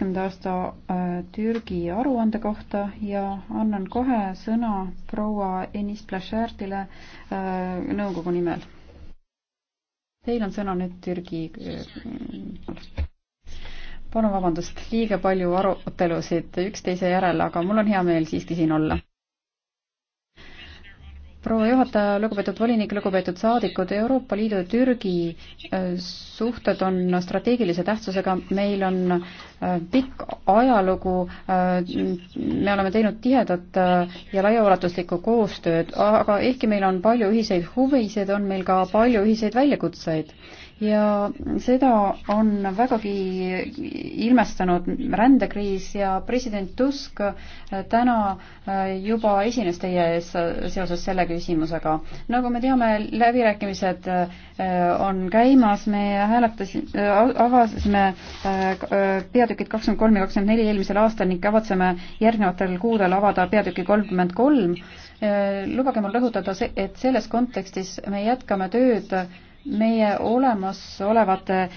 kaheteistkümnenda aasta äh, Türgi aruande kohta ja annan kohe sõna proua Enis Plašärtile äh, nõukogu nimel. Teil on sõna nüüd Türgi äh, palun vabandust, liiga palju arutelusid üksteise järel, aga mul on hea meel siiski siin olla proua juhataja, lugupeetud volinik, lugupeetud saadikud, Euroopa Liidu ja Türgi äh, suhted on strateegilise tähtsusega, meil on äh, pikk ajalugu, äh, me oleme teinud tihedat ja laiaulatuslikku koostööd, aga ehkki meil on palju ühiseid huvisid, on meil ka palju ühiseid väljakutseid ja seda on vägagi ilmestanud rändekriis ja president Tusk äh, täna äh, juba esines teie ees äh, seoses selle küsimusega. nagu me teame, läbirääkimised on käimas, me hääletasime, avasime peatükid kakskümmend kolm ja kakskümmend neli eelmisel aastal ning kavatseme järgnevatel kuudel avada peatüki kolmkümmend kolm. lubage mul rõhutada, et selles kontekstis me jätkame tööd meie olemasolevate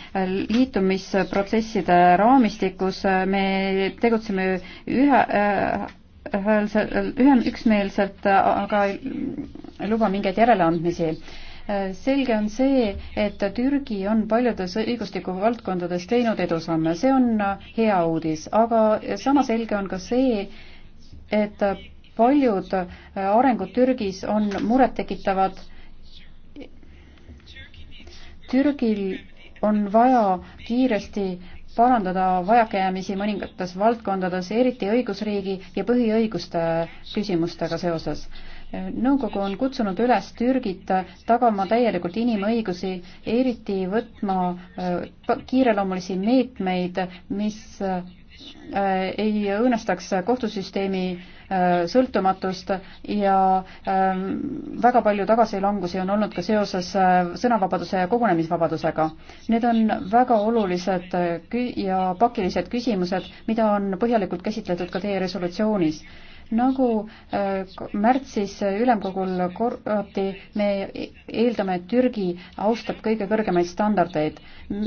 liitumisprotsesside raamistikus me tegutseme ühe ühe, üksmeelselt, aga ei luba mingeid järeleandmisi selge on see, et Türgi on paljudes õigustikuvaldkondades teinud edusamme, see on hea uudis, aga sama selge on ka see, et paljud arengud Türgis on murettekitavad Türgil on vaja kiiresti parandada vajakajäämisi mõningates valdkondades, eriti õigusriigi ja põhiõiguste küsimustega seoses. nõukogu on kutsunud üles Türgit tagama täielikult inimõigusi, eriti võtma äh, kiireloomulisi meetmeid, mis äh, ei õõnestaks kohtusüsteemi Äh, sõltumatust ja ähm, väga palju tagasilangusi on olnud ka seoses äh, sõnavabaduse ja kogunemisvabadusega. Need on väga olulised äh, ja pakilised küsimused, mida on põhjalikult käsitletud ka teie resolutsioonis nagu äh, märtsis ülemkogul korrati, me eeldame, et Türgi austab kõige kõrgemaid standardeid.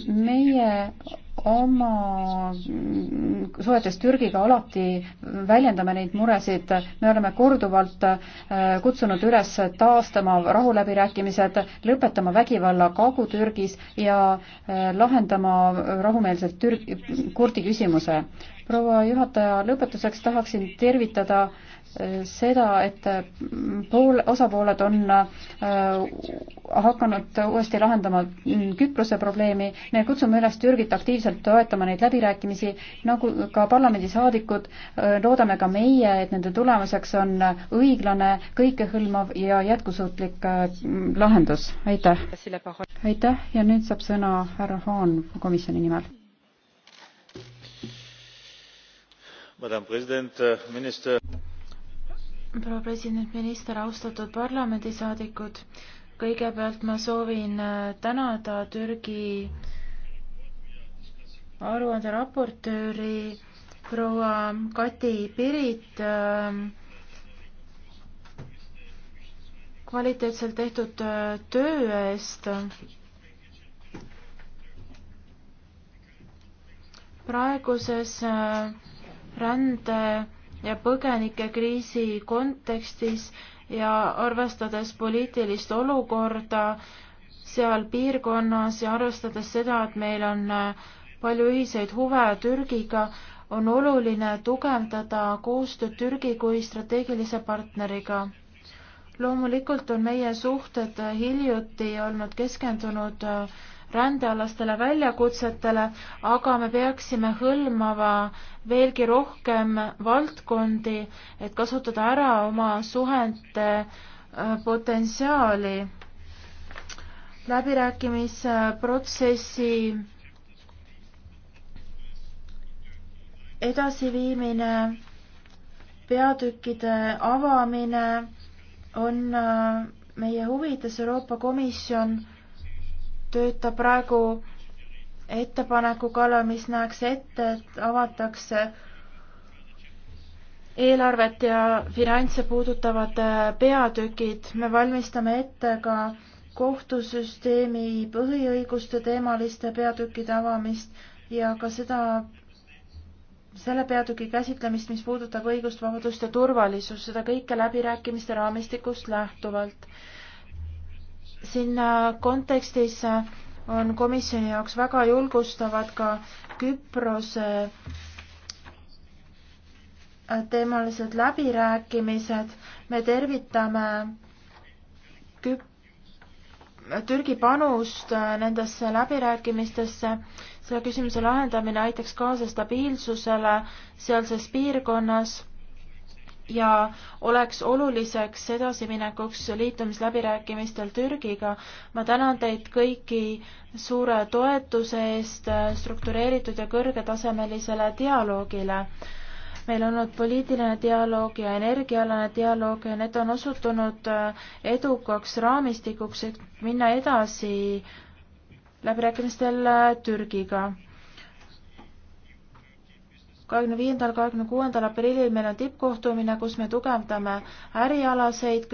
meie oma mm, suhetes Türgiga alati väljendame neid muresid, me oleme korduvalt äh, kutsunud üles taastama rahuläbirääkimised, lõpetama vägivalla Kagu-Türgis ja äh, lahendama rahumeelselt Türg-, kurdi küsimuse proua juhataja, lõpetuseks tahaksin tervitada äh, seda, et mm, pool, osapooled on äh, hakanud uuesti lahendama mm, Küprose probleemi. me kutsume üles Türgit aktiivselt toetama neid läbirääkimisi, nagu ka parlamendisaadikud, äh, loodame ka meie, et nende tulemuseks on õiglane, kõikehõlmav ja jätkusuutlik lahendus. aitäh! aitäh ja nüüd saab sõna härra Haan komisjoni nimel Äh, proua president minister austatud parlamendisaadikud kõigepealt ma soovin äh, tänada türgi aruande raportööri proua kati pirit ähm, kvaliteetselt tehtud äh, töö eest praeguses rände ja põgenikekriisi kontekstis ja arvestades poliitilist olukorda seal piirkonnas ja arvestades seda, et meil on äh, palju ühiseid huve Türgiga, on oluline tugevdada koostööd Türgi kui strateegilise partneriga. loomulikult on meie suhted äh, hiljuti olnud keskendunud äh, rändealastele väljakutsetele, aga me peaksime hõlmava veelgi rohkem valdkondi, et kasutada ära oma suhete äh, potentsiaali. läbirääkimisprotsessi edasiviimine, peatükkide avamine on äh, meie huvides, Euroopa Komisjon tööta praegu ettepaneku kallal, mis näeks ette, et avatakse eelarvet ja finantse puudutavad äh, peatükid. me valmistame ette ka kohtusüsteemi põhiõiguste teemaliste peatükkide avamist ja ka seda, selle peatüki käsitlemist, mis puudutab õigust, vabadust ja turvalisust, seda kõike läbirääkimiste raamistikust lähtuvalt sinna kontekstis on komisjoni jaoks väga julgustavad ka Küprose teemalised läbirääkimised. me tervitame Küp-, Türgi panust nendesse läbirääkimistesse. selle küsimuse lahendamine aitaks kaasa stabiilsusele sealses piirkonnas ja oleks oluliseks edasiminekuks liitumisläbirääkimistel Türgiga. ma tänan teid kõiki suure toetuse eest struktureeritud ja kõrgetasemelisele dialoogile. meil on olnud poliitiline dialoog ja energiaalane dialoog ja need on osutunud edukaks raamistikuks, et minna edasi läbirääkimistel Türgiga kahekümne viiendal, kahekümne kuuendal aprillil meil on tippkohtumine, kus me tugevdame ärialaseid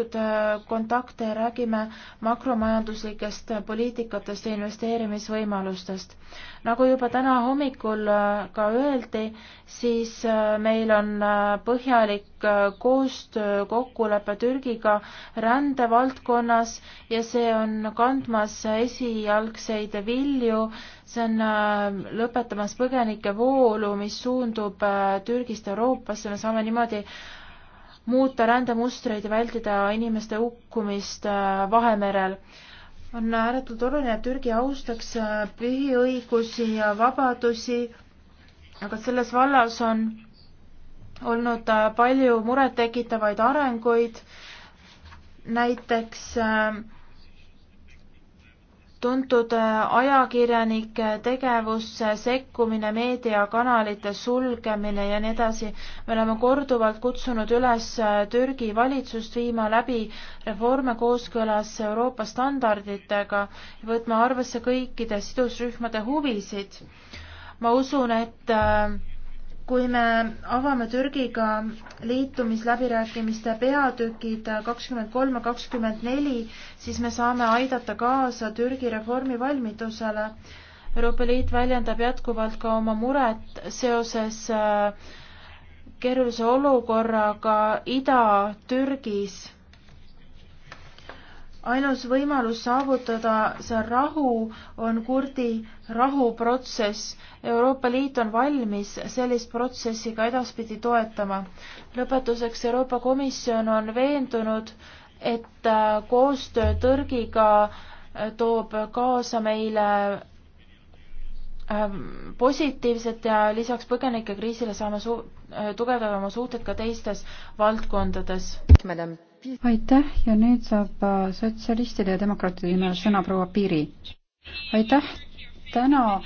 kontakte ja räägime makromajanduslikest poliitikatest ja investeerimisvõimalustest. nagu juba täna hommikul äh, ka öeldi, siis äh, meil on äh, põhjalik põhjalik äh, koostöökokkulepe Türgiga rändevaldkonnas ja see on kandmas esialgseid vilju. see on äh, lõpetamas põgenike voolu, mis suundub äh, Türgist Euroopasse, me saame niimoodi muuta rändemustreid ja vältida inimeste hukkumist Vahemerel. on ääretult oluline, et Türgi austaks põhiõigusi ja vabadusi, aga selles vallas on olnud äh, palju murettekitavaid arenguid, näiteks äh, tuntud äh, ajakirjanike tegevusse sekkumine, meediakanalite sulgemine ja nii edasi. me oleme korduvalt kutsunud üles Türgi valitsust viima läbi reforme kooskõlas Euroopa standarditega ja võtma arvesse kõikide sidusrühmade huvisid. ma usun, et äh, kui me avame Türgiga liitumisläbirääkimiste peatükid kakskümmend kolm ja kakskümmend neli, siis me saame aidata kaasa Türgi reformivalmidusele. Euroopa Liit väljendab jätkuvalt ka oma muret seoses äh, keerulise olukorraga Ida-Türgis ainus võimalus saavutada see rahu on kurdi rahuprotsess. Euroopa Liit on valmis sellist protsessi ka edaspidi toetama. lõpetuseks Euroopa Komisjon on veendunud, et äh, koostöö Türgiga äh, toob kaasa meile ähm, positiivset ja lisaks põgenikekriisile saame su-, äh, tugevdada oma suhted ka teistes valdkondades. Madam aitäh ja nüüd saab äh, sotsialistide ja demokraatide nimel sõna proua Piiri. aitäh, täna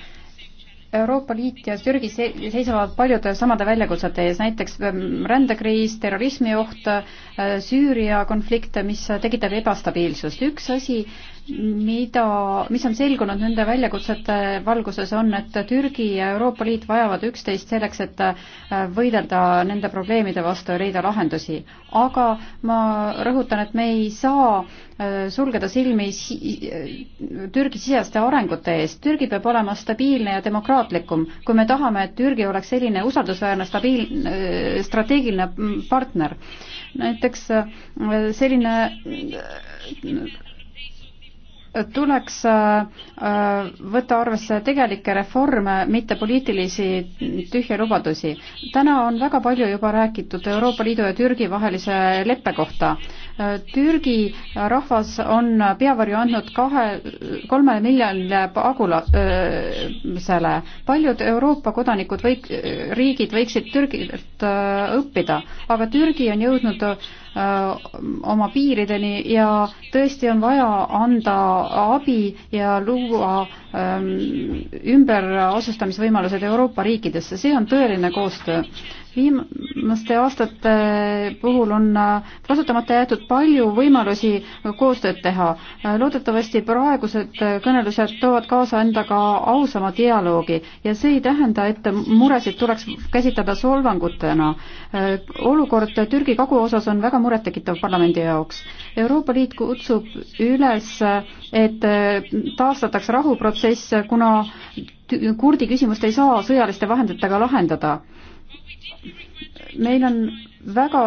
Euroopa Liit ja Türgi seisavad paljude samade väljakutsete ees, näiteks ähm, rändekriis, terrorismioht, äh, Süüria konflikt, mis tekitab ebastabiilsust. üks asi, mida, mis on selgunud nende väljakutsete valguses, on, et Türgi ja Euroopa Liit vajavad üksteist selleks, et äh, võidelda nende probleemide vastu ja leida lahendusi. aga ma rõhutan, et me ei saa äh, sulgeda silmi äh, Türgi siseste arengute eest. Türgi peab olema stabiilne ja demokraatlikum. kui me tahame, et Türgi oleks selline usaldusväärne, stabiilne, strateegiline partner, näiteks selline tuleks äh, äh, võtta arvesse tegelikke reforme, mitte poliitilisi tühje lubadusi. täna on väga palju juba räägitud Euroopa Liidu ja Türgi vahelise leppe kohta Türgi rahvas on peavarju andnud kahe, kolmele miljonile pagulasele. paljud Euroopa kodanikud võik-, riigid võiksid Türgilt äh, õppida, aga Türgi on jõudnud äh, oma piirideni ja tõesti on vaja anda abi ja luua ähm, ümberasustamisvõimalused Euroopa riikidesse, see on tõeline koostöö viimaste aastate puhul on kasutamata jäetud palju võimalusi koostööd teha. loodetavasti praegused kõnelused toovad kaasa endaga ausama dialoogi ja see ei tähenda, et muresid tuleks käsitleda solvangutena. olukord Türgi kaguosas on väga murettekitav parlamendi jaoks. Euroopa Liit kutsub üles, et taastataks rahuprotsess, kuna kurdi küsimust ei saa sõjaliste vahenditega lahendada meil on väga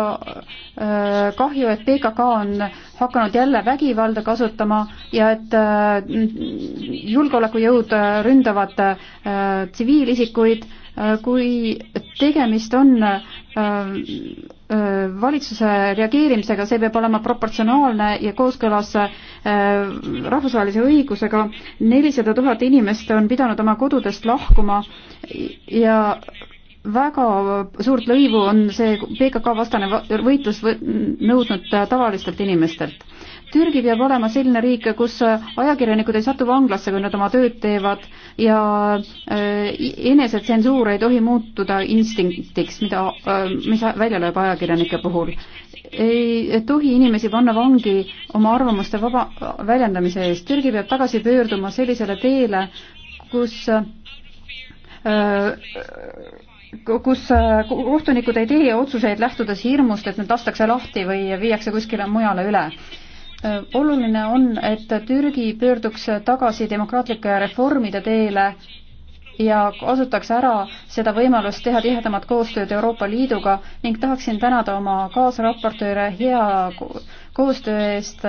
äh, kahju, et PKK on hakanud jälle vägivalda kasutama ja et äh, julgeolekujõud äh, ründavad tsiviilisikuid, kui tegemist on valitsuse reageerimisega, see peab olema proportsionaalne ja kooskõlas rahvusvahelise õigusega. nelisada tuhat inimest on pidanud oma kodudest lahkuma ja väga suurt lõivu on see PKK vastane võitlus nõudnud tavalistelt inimestelt. Türgi peab olema selline riik, kus ajakirjanikud ei satu vanglasse, kui nad oma tööd teevad ja äh, enesetsensuur ei tohi muutuda instinktiks, mida, äh, mis välja lööb ajakirjanike puhul. ei tohi inimesi panna vangi oma arvamuste vaba väljendamise eest. Türgi peab tagasi pöörduma sellisele teele, kus äh, kus äh, kohtunikud ei tee otsuseid lähtudes hirmust, et nad lastakse lahti või viiakse kuskile mujale üle. Äh, oluline on, et Türgi pöörduks tagasi demokraatlike reformide teele ja kasutaks ära seda võimalust teha tihedamat koostööd Euroopa Liiduga ning tahaksin tänada oma kaasraportööre hea koostöö eest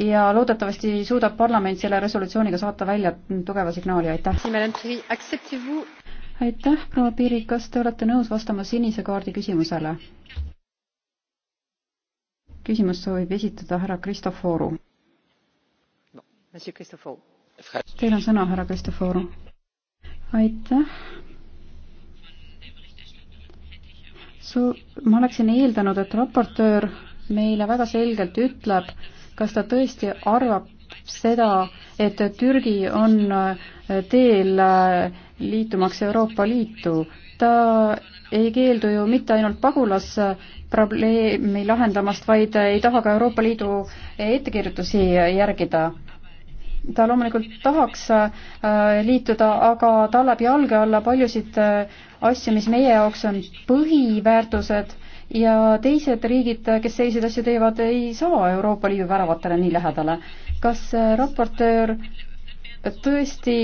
ja loodetavasti suudab parlament selle resolutsiooniga saata välja tugeva signaali, aitäh! aitäh, proua Piiri, kas te olete nõus vastama sinise kaardi küsimusele? küsimus soovib esitada härra Kristoforu no,. Teil on sõna, härra Kristoforu. aitäh su-, ma oleksin eeldanud, et raportöör meile väga selgelt ütleb, kas ta tõesti arvab, seda, et Türgi on teel liitumaks Euroopa Liitu. ta ei keeldu ju mitte ainult pagulasprobleemi lahendamast, vaid ei taha ka Euroopa Liidu ettekirjutusi järgida ta loomulikult tahaks äh, liituda, aga ta annab jalge alla paljusid äh, asju, mis meie jaoks on põhiväärtused ja teised riigid, kes selliseid asju teevad, ei saa Euroopa Liidu väravatele nii lähedale. kas äh, raportöör tõesti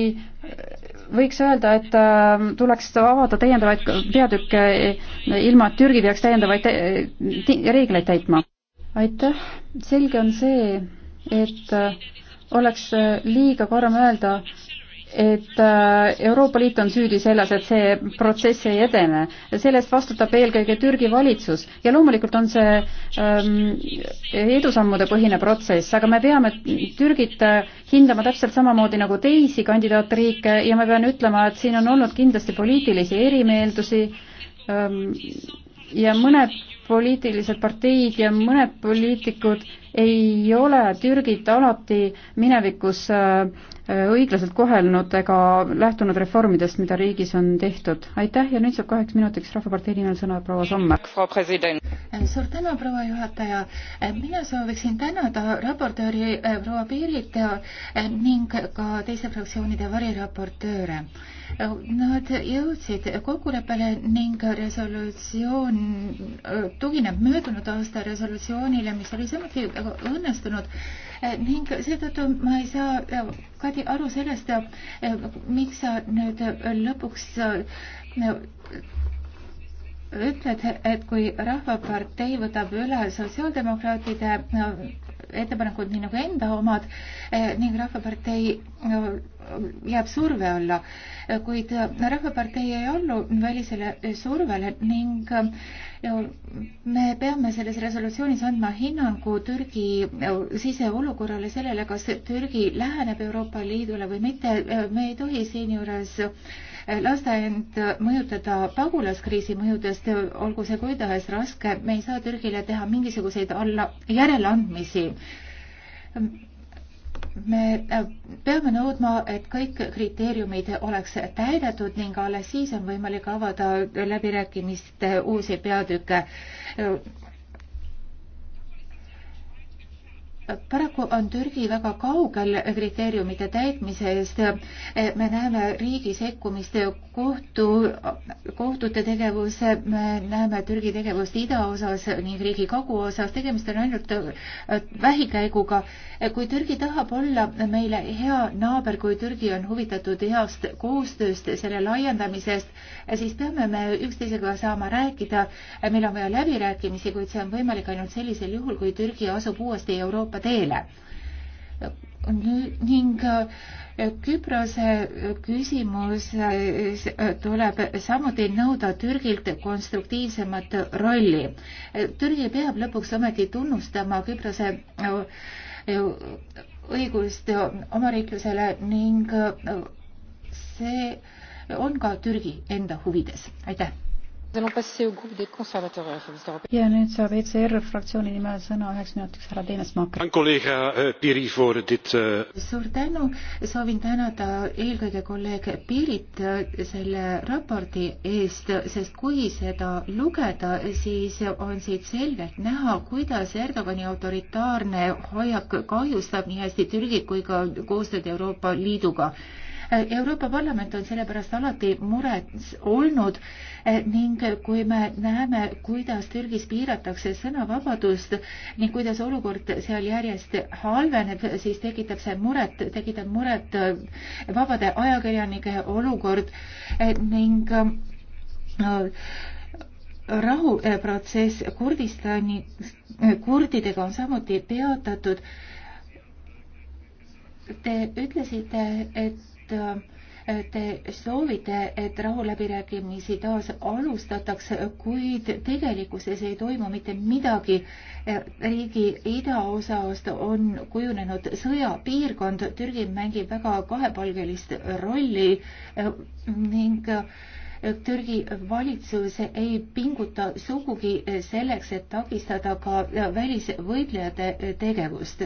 võiks öelda, et äh, tuleks avada täiendavaid peatükke, äh, ilma et Türgi peaks täiendavaid te reegleid täitma? aitäh, selge on see, et oleks liiga karm öelda, et äh, Euroopa Liit on süüdi selles, et see protsess ei edene. sellest vastutab eelkõige Türgi valitsus ja loomulikult on see ähm, edusammude põhine protsess, aga me peame Türgit äh, hindama täpselt samamoodi nagu teisi kandidaatriike ja ma pean ütlema, et siin on olnud kindlasti poliitilisi erimeeldusi ähm, ja mõned poliitilised parteid ja mõned poliitikud ei ole Türgit alati minevikus äh, õiglaselt kohelnud ega lähtunud reformidest, mida riigis on tehtud. aitäh ja nüüd saab kaheks minutiks Rahvapartei nimel sõna proua Sommer. suur tänu, proua juhataja. mina sooviksin tänada raportööri eh, proua Piirit eh, ning ka teiste fraktsioonide variraportööre Nad jõudsid kokkuleppele ning resolutsioon äh, tugineb möödunud aasta resolutsioonile, mis oli samuti väga õnnestunud äh, ning seetõttu ma ei saa, äh, Kadi, aru sellest, miks sa nüüd lõpuks ütled, et kui Rahvapartei võtab üle sotsiaaldemokraatide ettepanekud nii nagu enda omad eh, ning Rahvapartei eh, jääb surve alla, eh, kuid Rahvapartei ei allu välisele survele ning me peame selles resolutsioonis andma hinnangu Türgi siseolukorrale, sellele, kas Türgi läheneb Euroopa Liidule või mitte, me ei tohi siinjuures lasta end mõjutada pagulaskriisi mõjudest, olgu see kui tahes raske, me ei saa Türgile teha mingisuguseid alla, järeleandmisi. me äh, peame nõudma, et kõik kriteeriumid oleks täidetud ning alles siis on võimalik avada läbirääkimiste uusi peatükke paraku on Türgi väga kaugel kriteeriumide täitmise eest. me näeme riigi sekkumist kohtu, kohtute tegevuse, me näeme Türgi tegevust idaosas ning riigi kaguosas, tegemist on ainult äh, vähikäiguga. kui Türgi tahab olla meile hea naaber, kui Türgi on huvitatud heast koostööst, selle laiendamisest, siis peame me üksteisega saama rääkida, meil on vaja läbirääkimisi, kuid see on võimalik ainult sellisel juhul, kui Türgi asub uuesti Euroopa teele ning äh, Küprose äh, küsimuses äh, tuleb samuti nõuda Türgilt konstruktiivsemat rolli. Türgi peab lõpuks ometi tunnustama Küprose õigust omariiklusele ning see on ka Türgi enda huvides. aitäh! ja nüüd saab ECR fraktsiooni nimel sõna üheks minutiks härra Teenes Maaker. Eh, eh, suur tänu, soovin tänada eelkõige kolleeg Pirit eh, selle raporti eest, sest kui seda lugeda, siis on siit selgelt näha, kuidas Erdogani autoritaarne hoiak kahjustab nii hästi Türgit kui ka koostööd Euroopa Liiduga Euroopa Parlament on sellepärast alati mures olnud eh, ning kui me näeme, kuidas Türgis piiratakse sõnavabadust ning kuidas olukord seal järjest halveneb, siis tekitab see muret, tekitab muret eh, vabade ajakirjanike olukord eh, ning rahuprotsess Kurdistani, kurdidega on samuti peatatud. Te ütlesite, et et te soovite, et rahuläbirääkimisi taas alustatakse, kuid tegelikkuses ei toimu mitte midagi. riigi idaosast on kujunenud sõjapiirkond, Türgi mängib väga kahepalgelist rolli ning Türgi valitsus ei pinguta sugugi selleks, et takistada ka välisvõitlejate tegevust.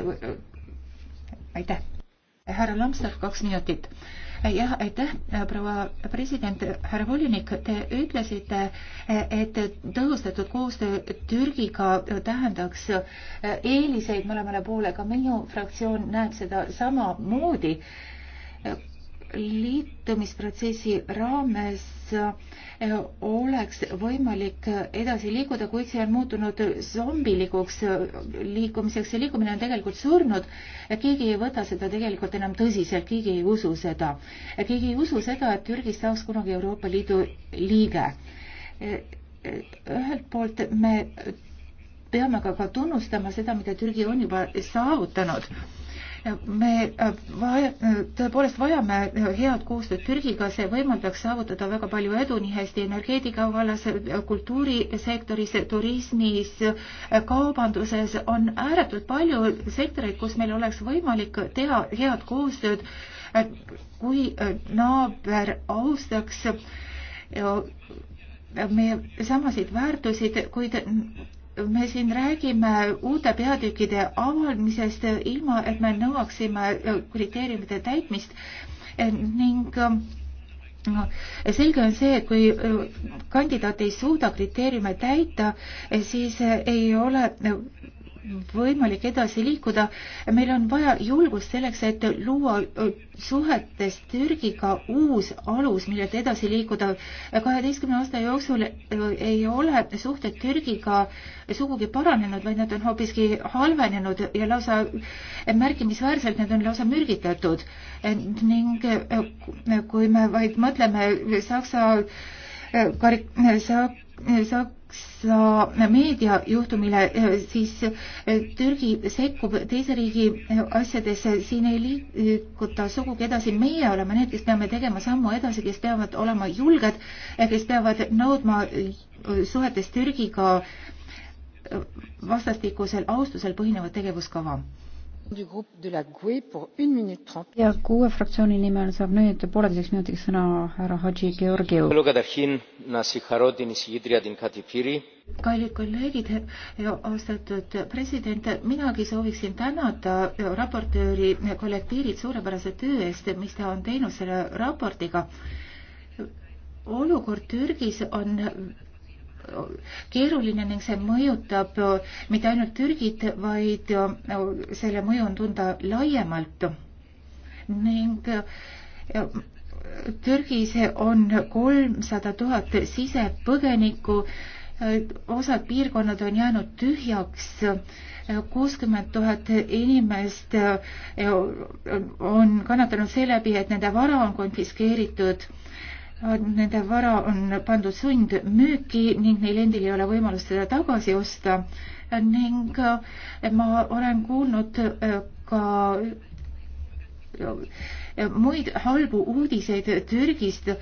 aitäh härra Lamstorf, kaks minutit. jah, aitäh, proua president, härra volinik, te ütlesite, et tõhustatud koostöö Türgiga tähendaks eeliseid mõlemale poole, ka minu fraktsioon näeb seda samamoodi liitumisprotsessi raames äh, oleks võimalik edasi liikuda, kuid see on muutunud zombilikuks äh, liikumiseks. see liikumine on tegelikult surnud. keegi ei võta seda tegelikult enam tõsiselt, keegi ei usu seda. keegi ei usu seda, et Türgist saaks kunagi Euroopa Liidu liige. Äh, ühelt poolt me peame aga ka tunnustama seda, mida Türgi on juba saavutanud me äh, vaja, äh, tõepoolest vajame head koostööd Türgiga, see võimaldaks saavutada väga palju edu nii hästi energeetika vallas, kultuurisektoris, turismis, kaubanduses on ääretult palju sektoreid, kus meil oleks võimalik teha head koostööd, kui äh, naaber austaks ja meie samasid väärtusid, kuid me siin räägime uute peatükkide avaldamisest, ilma et me nõuaksime äh, kriteeriumide täitmist äh, ning No, äh, selge on see, et kui kandidaat ei suuda kriteeriume täita, siis ei ole võimalik edasi liikuda. meil on vaja julgust selleks, et luua suhetes Türgiga uus alus, millelt edasi liikuda. kaheteistkümne aasta jooksul ei ole suhted Türgiga sugugi paranenud, vaid nad on hoopiski halvenenud ja lausa märkimisväärselt need on lausa mürgitatud. ning kui me vaid mõtleme Saksa, Saksa Saksa meediajuhtumile, eh, siis eh, Türgi sekkub teise riigi eh, asjadesse, siin ei liiguta sugugi edasi. meie oleme need, kes peame tegema sammu edasi, kes peavad olema julged, kes peavad nõudma suhetes Türgiga vastastikusel austusel põhinevat tegevuskava E ja kuue fraktsiooni nimel saab nüüd pooleteiseks minutiks sõna härra Hadži Georgiev. kallid kolleegid, austatud president, minagi sooviksin tänada raportööri kolleeg Piirit suurepärase töö eest, mis ta on teinud selle raportiga olukord Türgis on keeruline ning see mõjutab äh, mitte ainult Türgit, vaid äh, selle mõju on tunda laiemalt. ning äh, Türgis on kolmsada tuhat sisepõgenikku, osad piirkonnad on jäänud tühjaks, kuuskümmend tuhat inimest on kannatanud seeläbi, et nende vara on konfiskeeritud Nende vara on pandud sundmüüki ning neil endil ei ole võimalust seda tagasi osta ning eh, ma olen kuulnud eh, ka eh, muid halbu uudiseid Türgist.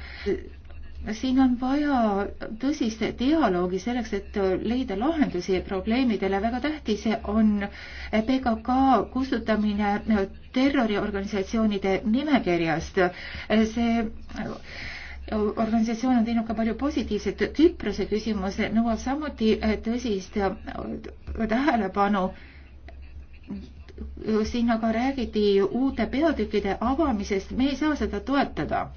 siin on vaja tõsist dialoogi selleks, et leida lahendusi probleemidele. väga tähtis on PKK kustutamine terroriorganisatsioonide nimekirjast. see organisatsioon on teinud ka palju positiivset. Küprose küsimus nõuab samuti eh, tõsist eh, tähelepanu. siin aga räägiti uute peatükkide avamisest, me ei saa seda toetada.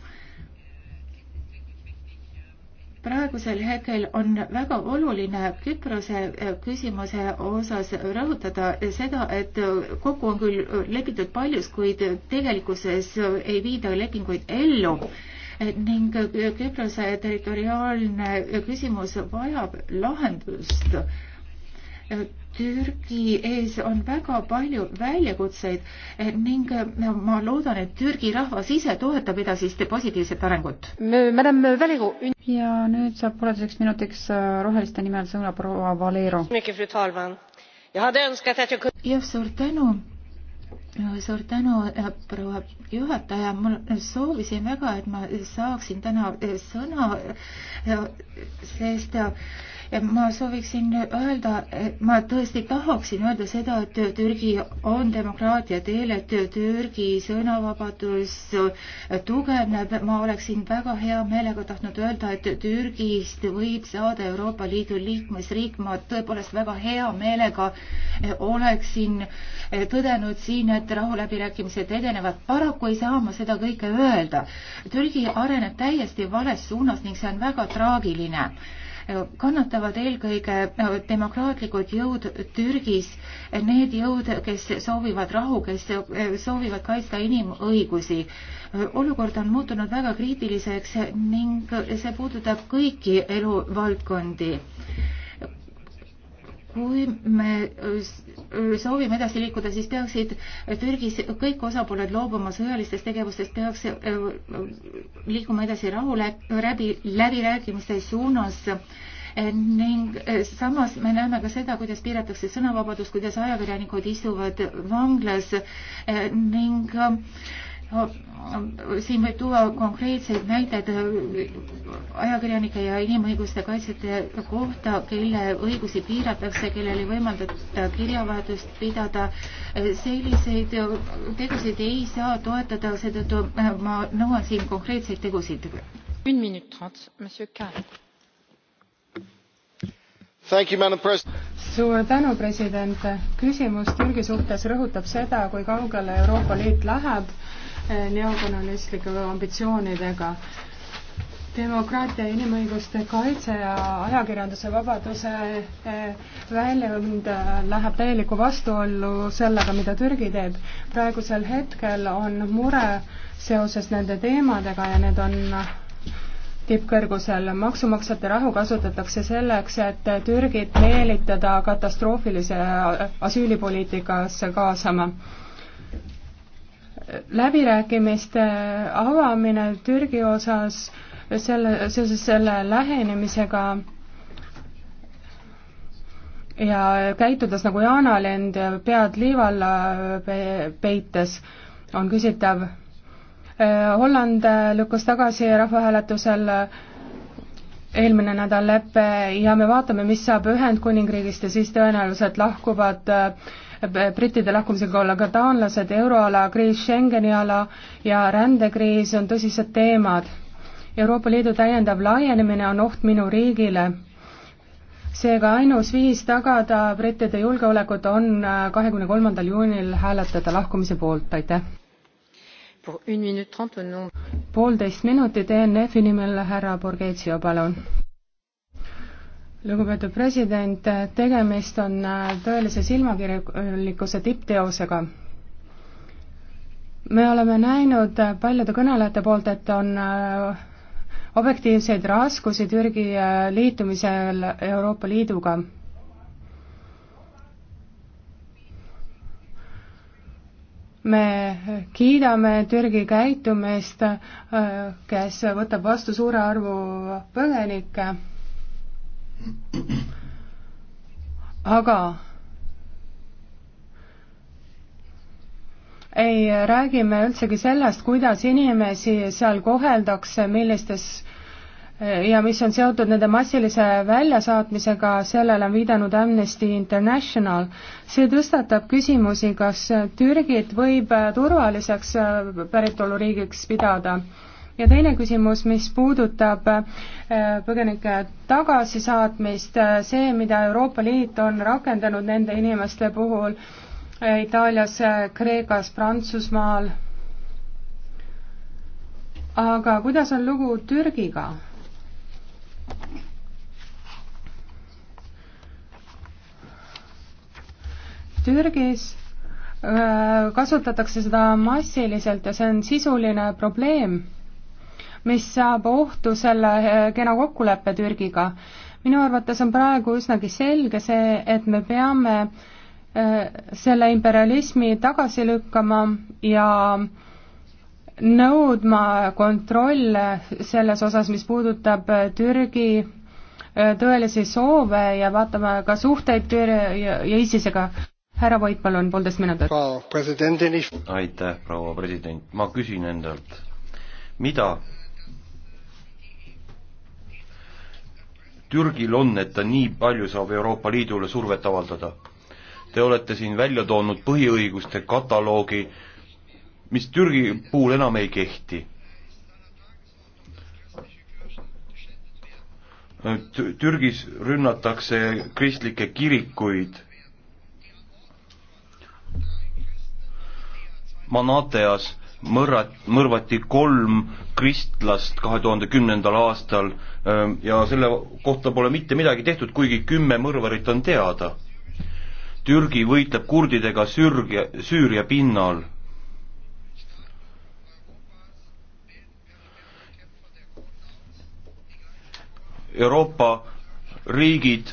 praegusel hetkel on väga oluline Küprose eh, küsimuse osas rõhutada seda, et kokku on küll lepitud paljus, kuid tegelikkuses ei viida lepinguid ellu ning Küprose territoriaalne küsimus vajab lahendust. Türgi ees on väga palju väljakutseid ning ma loodan, et Türgi rahvas ise toetab edasist positiivset arengut. ja nüüd saab pooleteiseks minutiks äh, roheliste nimel sõna proua Valero. jah, suur tänu suur tänu, äh, proua juhataja, mul soovisin väga, et ma saaksin täna äh, sõna, äh, sest ma sooviksin öelda, et ma tõesti tahaksin öelda seda, et Türgi on demokraatia teel, et Türgi sõnavabadus tugevneb, ma oleksin väga hea meelega tahtnud öelda, et Türgist võib saada Euroopa Liidu liikmesriik, ma tõepoolest väga hea meelega oleksin tõdenud siin, et et rahuläbirääkimised edenevad. paraku ei saa ma seda kõike öelda. Türgi areneb täiesti vales suunas ning see on väga traagiline kannatavad eelkõige äh, demokraatlikud jõud Türgis, need jõud, kes soovivad rahu, kes äh, soovivad kaitsta inimõigusi. olukord on muutunud väga kriitiliseks ning see puudutab kõiki eluvaldkondi kui me äh, soovime edasi liikuda, siis peaksid Türgis kõik osapooled loobuma sõjalistest tegevustest, peaks äh, liikuma edasi rahuläbi, läbi, läbirääkimiste suunas ning äh, samas me näeme ka seda, kuidas piiratakse sõnavabadust, kuidas ajakirjanikud istuvad vanglas ning siin võib tuua konkreetseid näiteid ajakirjanike ja inimõiguste kaitsjate kohta, kelle õigusi piiratakse, kellel ei võimaldata kirjavahetust pidada. selliseid tegusid ei saa toetada, seetõttu ma nõuan siin konkreetseid tegusid. suur tänu, president. küsimus Türgi suhtes rõhutab seda, kui kaugele Euroopa Liit läheb neokolonialistlike ambitsioonidega. demokraatia, inimõiguste kaitse ja ajakirjanduse vabaduse eh, väljund eh, läheb täielikku vastuollu sellega, mida Türgi teeb. praegusel hetkel on mure seoses nende teemadega ja need on tippkõrgusel. maksumaksjate rahu kasutatakse selleks, et Türgit meelitada katastroofilise asüülipoliitikasse kaasama läbirääkimiste avamine Türgi osas selle, seoses selle lähenemisega ja käitudes nagu jaanalind pead liiva alla peites, on küsitav. Holland lükkas tagasi rahvahääletusel eelmine nädal leppe ja me vaatame, mis saab Ühendkuningriigist ja siis tõenäoliselt lahkuvad äh, Äh, brittide lahkumisega olla ka taanlased, euroala kriis, Schengeni ala ja rändekriis on tõsised teemad. Euroopa Liidu täiendav laienemine on oht minu riigile. seega ainus viis tagada brittide julgeolekut on äh, kahekümne kolmandal juunil hääletada lahkumise poolt, aitäh! poolteist minutit ENF-i nimel härra Borghezio, palun! lugupeetud president, tegemist on äh, tõelise silmakirjalikkuse tippteosega. me oleme näinud äh, paljude kõnelejate poolt, et on äh, objektiivseid raskusi Türgi liitumisel Euroopa Liiduga me kiidame Türgi käitumist, kes võtab vastu suure arvu põgenikke aga ei räägi me üldsegi sellest, kuidas inimesi seal koheldakse, millistes ja mis on seotud nende massilise väljasaatmisega, sellele on viidanud Amnesty International. see tõstatab küsimusi, kas Türgit võib turvaliseks päritoluriigiks pidada ja teine küsimus, mis puudutab äh, põgenike tagasisaatmist, äh, see, mida Euroopa Liit on rakendanud nende inimeste puhul äh, Itaalias, Kreekas, Prantsusmaal, aga kuidas on lugu Türgiga? Türgis kasutatakse seda massiliselt ja see on sisuline probleem mis saab ohtu selle eh, kena kokkuleppe Türgiga. minu arvates on praegu üsnagi selge see, et me peame eh, selle imperialismi tagasi lükkama ja nõudma kontrolle selles osas, mis puudutab eh, Türgi tõelisi soove ja vaatame ka suhteid Türi ja ISISega. härra Voit, palun, poolteist minutit. aitäh, proua president, ma küsin endalt, mida Türgil on, et ta nii palju saab Euroopa Liidule survet avaldada? Te olete siin välja toonud põhiõiguste kataloogi, mis Türgi puhul enam ei kehti. Türgis rünnatakse kristlikke kirikuid. Manateas mõrrat-, mõrvati kolm kristlast kahe tuhande kümnendal aastal ähm, ja selle kohta pole mitte midagi tehtud, kuigi kümme mõrvarit on teada. Türgi võitleb kurdidega Sürgia, Süüria pinnal. Euroopa riigid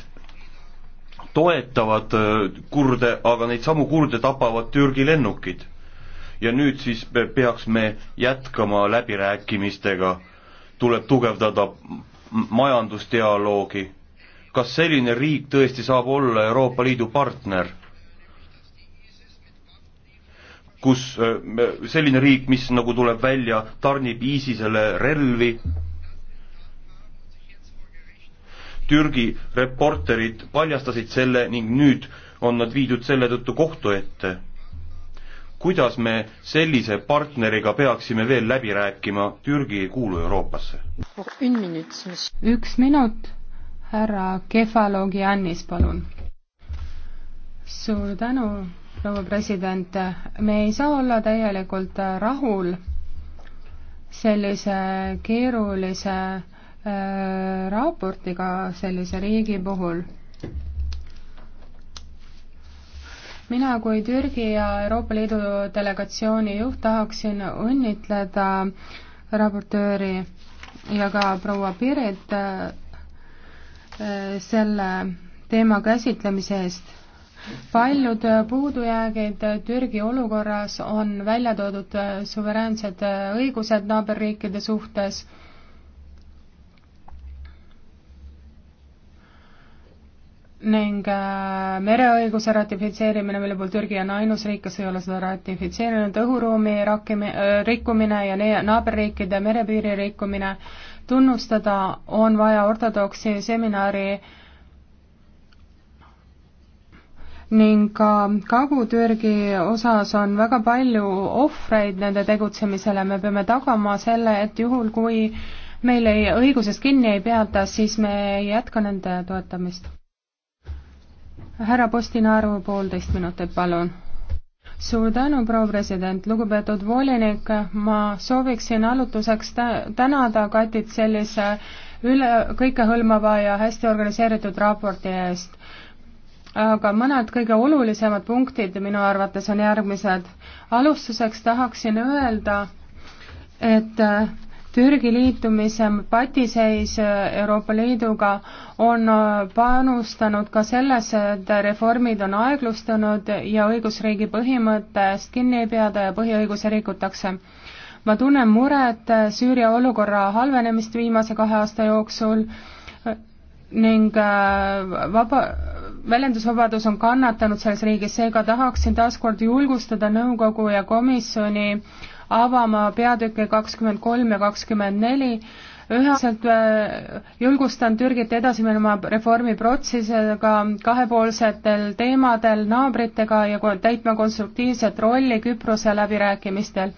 toetavad äh, kurde, aga neid samu kurde tapavad Türgi lennukid ja nüüd siis peaks me jätkama läbirääkimistega, tuleb tugevdada majandusdialoogi. kas selline riik tõesti saab olla Euroopa Liidu partner? kus selline riik, mis nagu tuleb välja, tarnib ISISele relvi, Türgi reporterid paljastasid selle ning nüüd on nad viidud selle tõttu kohtu ette kuidas me sellise partneriga peaksime veel läbi rääkima, Türgi ei kuulu Euroopasse? üks minut, härra Kefalogiannis, palun. suur tänu, proua president, me ei saa olla täielikult rahul sellise keerulise äh, raportiga sellise riigi puhul mina kui Türgi ja Euroopa Liidu delegatsiooni juht tahaksin õnnitleda raportööri ja ka proua Piret äh, selle teema käsitlemise eest. paljud puudujäägid Türgi olukorras on välja toodud äh, suveräänsed äh, õigused naaberriikide suhtes ning äh, mereõiguse ratifitseerimine, mille puhul Türgi on ainus riik, kes ei ole seda ratifitseerinud, õhuruumi rakkimi-, äh, rikkumine ja naaberriikide merepiiri rikkumine, tunnustada on vaja ortodoksi seminari ning ka Kagu-Türgi osas on väga palju ohvreid nende tegutsemisele, me peame tagama selle, et juhul, kui meil ei, õigusest kinni ei peata, siis me ei jätka nende toetamist härra Postinaru, poolteist minutit, palun. suur tänu, proua president, lugupeetud volinik, ma sooviksin alutuseks tänada Katit sellise üle, kõikehõlmava ja hästi organiseeritud raporti eest aga mõned kõige olulisemad punktid minu arvates on järgmised. alustuseks tahaksin öelda, et Türgi liitumise patiseis Euroopa Liiduga on panustanud ka sellesse, et reformid on aeglustunud ja õigusriigi põhimõttest kinni ei peada ja põhiõigusi rikutakse. ma tunnen muret Süüria olukorra halvenemist viimase kahe aasta jooksul ning äh, vaba, väljendusvabadus on kannatanud selles riigis, seega tahaksin taaskord julgustada nõukogu ja komisjoni avama peatükke kakskümmend kolm ja kakskümmend neli, üheselt äh, julgustan Türgit edasi minema reformiprotsessiga kahepoolsetel teemadel naabritega ja täitma konstruktiivset rolli Küprose läbirääkimistel.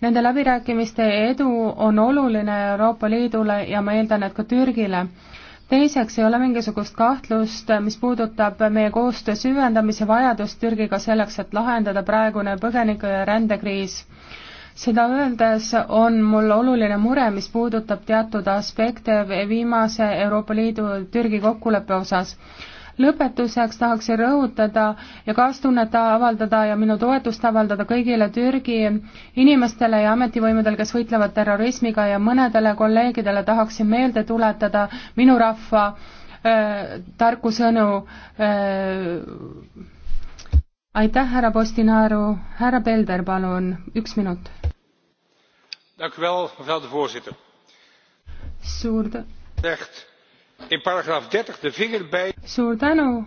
Nende läbirääkimiste edu on oluline Euroopa Liidule ja ma eeldan, et ka Türgile teiseks ei ole mingisugust kahtlust, mis puudutab meie koostöö süvendamise vajadust Türgiga selleks, et lahendada praegune põgeniku- ja rändekriis seda öeldes on mul oluline mure, mis puudutab teatud aspekte viimase Euroopa Liidu Türgi kokkuleppe osas. lõpetuseks tahaksin rõhutada ja kaastunnet avaldada ja minu toetust avaldada kõigile Türgi inimestele ja ametivõimudel, kes võitlevad terrorismiga ja mõnedele kolleegidele tahaksin meelde tuletada minu rahva äh, tarku sõnu äh, aitäh, härra Postinaaru, härra Pelder, palun, üks minut voorzitter in paragraaf dertig de vinger bij. suur tänu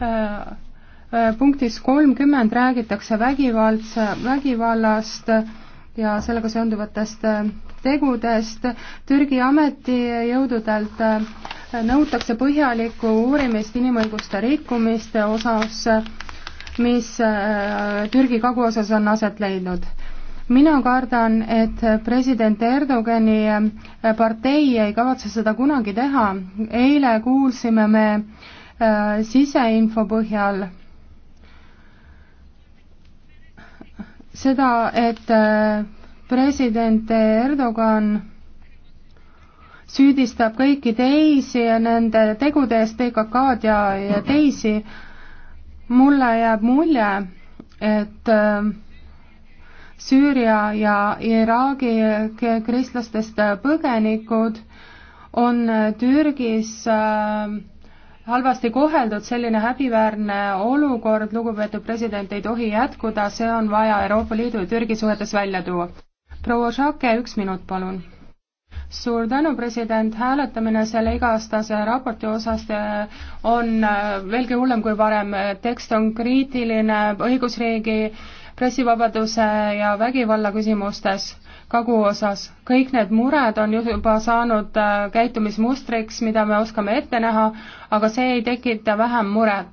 äh, äh, punktis kolmkümmend räägitakse vägivaldse vägivallast ja sellega seonduvatest äh, tegudest. Türgi ametijõududelt nõutakse põhjalikku uurimist inimõiguste rikkumiste osas, mis Türgi kaguosas on aset leidnud mina kardan, et president Erdogani äh, partei ei kavatse seda kunagi teha. eile kuulsime me äh, siseinfo põhjal seda, et äh, president Erdogan süüdistab kõiki teisi ja nende tegude eest PKK-d ja, ja teisi, mulle jääb mulje, et äh, Süüria ja Iraagi kristlastest põgenikud on Türgis äh, halvasti koheldud, selline häbiväärne olukord, lugupeetud president, ei tohi jätkuda, see on vaja Euroopa Liidu ja Türgi suhetes välja tuua. proua Šake, üks minut, palun suur tänu, president, hääletamine selle iga-aastase raporti osas äh, on äh, veelgi hullem kui varem, tekst on kriitiline õigusriigi pressivabaduse ja vägivalla küsimustes Kagu-osas. kõik need mured on juba saanud äh, käitumismustriks, mida me oskame ette näha, aga see ei tekita vähem muret.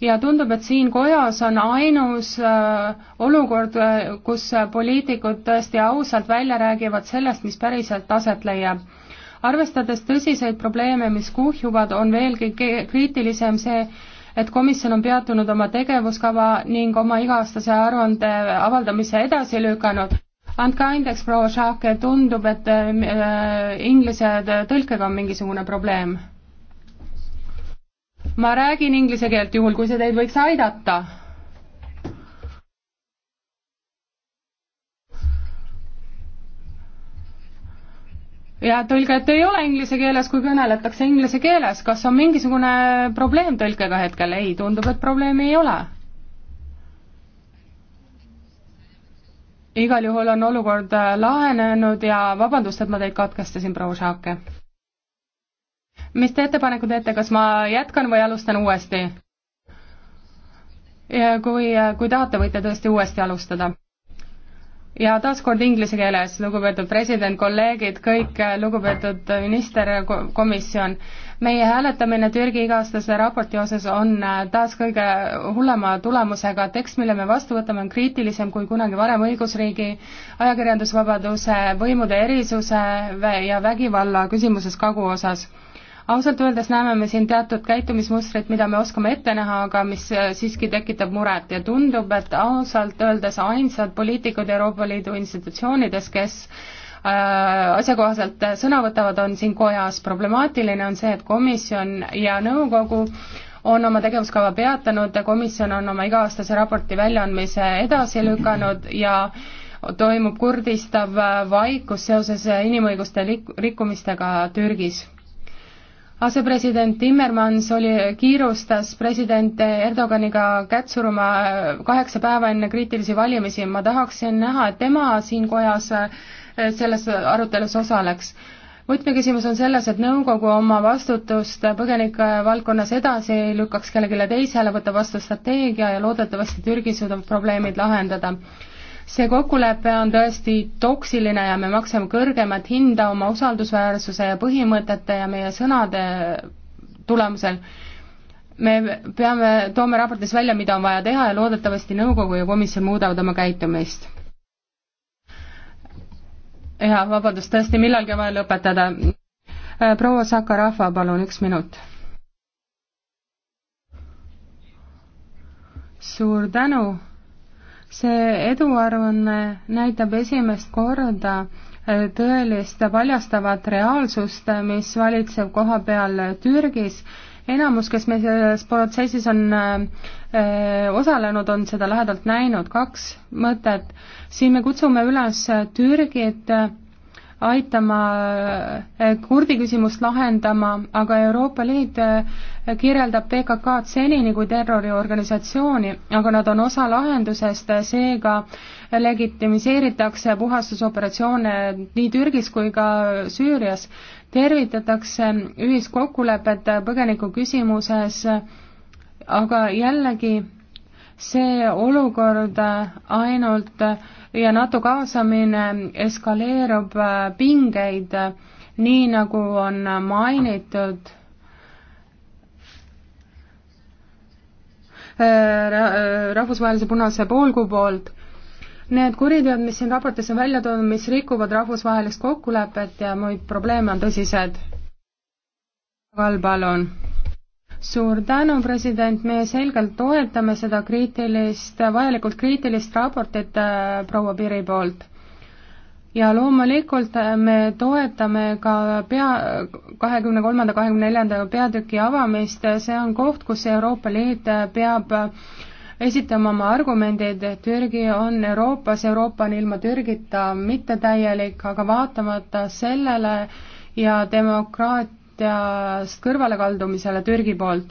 ja tundub, et siin kojas on ainus äh, olukord, äh, kus poliitikud tõesti ausalt välja räägivad sellest, mis päriselt aset leiab arvestades tõsiseid probleeme, mis kuhjuvad, on veelgi kriitilisem see, et komisjon on peatunud oma tegevuskava ning oma iga-aastase aruande avaldamise edasi lükanud. andke andeks, proua Šake, tundub, et äh, inglise tõlkega on mingisugune probleem. ma räägin inglise keelt, juhul kui see teid võiks aidata ja tõlget ei ole inglise keeles, kui kõneletakse inglise keeles, kas on mingisugune probleem tõlkega hetkel, ei, tundub, et probleemi ei ole. igal juhul on olukord äh, lahenenud ja vabandust, et ma teid katkestasin, proua Šaake. mis te ettepaneku teete, kas ma jätkan või alustan uuesti? ja kui, äh, kui tahate, võite tõesti uuesti alustada ja taaskord inglise keeles, lugupeetud president, kolleegid, kõik, äh, lugupeetud äh, minister, äh, komisjon. meie hääletamine Türgi iga-aastase raporti osas on taas kõige hullema tulemusega, tekst, mille me vastu võtame, on kriitilisem kui kunagi varem õigusriigi, ajakirjandusvabaduse, võimude erisuse ja vägivalla küsimuses kagu osas ausalt öeldes näeme me siin teatud käitumismustreid, mida me oskame ette näha, aga mis äh, siiski tekitab muret ja tundub, et ausalt öeldes ainsad poliitikud Euroopa Liidu institutsioonides, kes äh, asjakohaselt sõna võtavad, on siin kojas. problemaatiline on see, et komisjon ja nõukogu on oma tegevuskava peatanud, komisjon on oma iga-aastase raporti väljaandmise edasi lükanud ja toimub kurdistav äh, vaikus seoses inimõiguste lik-, rikkumistega Türgis asepresident Timmermans oli, kiirustas president Erdoganiga kätt suruma äh, kaheksa päeva enne kriitilisi valimisi, ma tahaksin näha, et tema siin kojas äh, selles arutelus osaleks. võtmeküsimus on selles, et nõukogu oma vastutust põgenike valdkonnas edasi ei lükkaks kellelegi teisele, võtab vastu strateegia ja loodetavasti Türgi suudab probleemid lahendada see kokkulepe on tõesti toksiline ja me maksame kõrgemat hinda oma usaldusväärsuse ja põhimõtete ja meie sõnade tulemusel. me peame, toome raportis välja, mida on vaja teha ja loodetavasti nõukogu ja komisjon muudavad oma käitumist. jaa, vabandust, tõesti, millalgi on vaja lõpetada. Äh, proua Saka Rahva, palun, üks minut. suur tänu see eduaruanne näitab esimest korda äh, tõelist paljastavat reaalsust, äh, mis valitseb koha peal Türgis. enamus, kes meil selles protsessis on öö, äh, osalenud, on seda lähedalt näinud. kaks mõtet. siin me kutsume üles Türgit aitama eh, kurdi küsimust lahendama, aga Euroopa Liit eh, kirjeldab PKK-d senini kui terroriorganisatsiooni, aga nad on osa lahendusest, eh, seega legitimiseeritakse puhastusoperatsioone nii Türgis kui ka Süürias, tervitatakse ühiskokkulepet põgeniku küsimuses, aga jällegi see olukord ainult ja NATO kaasamine eskaleerub äh, pingeid, nii nagu on mainitud äh, äh, rahvusvahelise punase poolkuu poolt. Need kuriteod, mis siin raportis on välja toodud, mis rikuvad rahvusvahelist kokkulepet ja muid probleeme, on tõsised. Kalb, palun suur tänu, president, me selgelt toetame seda kriitilist, vajalikult kriitilist raportit äh, proua Piri poolt. ja loomulikult äh, me toetame ka pea, kahekümne kolmanda, kahekümne neljanda peatüki avamist, see on koht, kus Euroopa Liit äh, peab esitama oma argumendid, et Türgi on Euroopas, Euroopa on ilma Türgita mittetäielik, aga vaatamata sellele ja demokraat-, demokraatiast kõrvalekaldumisele Türgi poolt.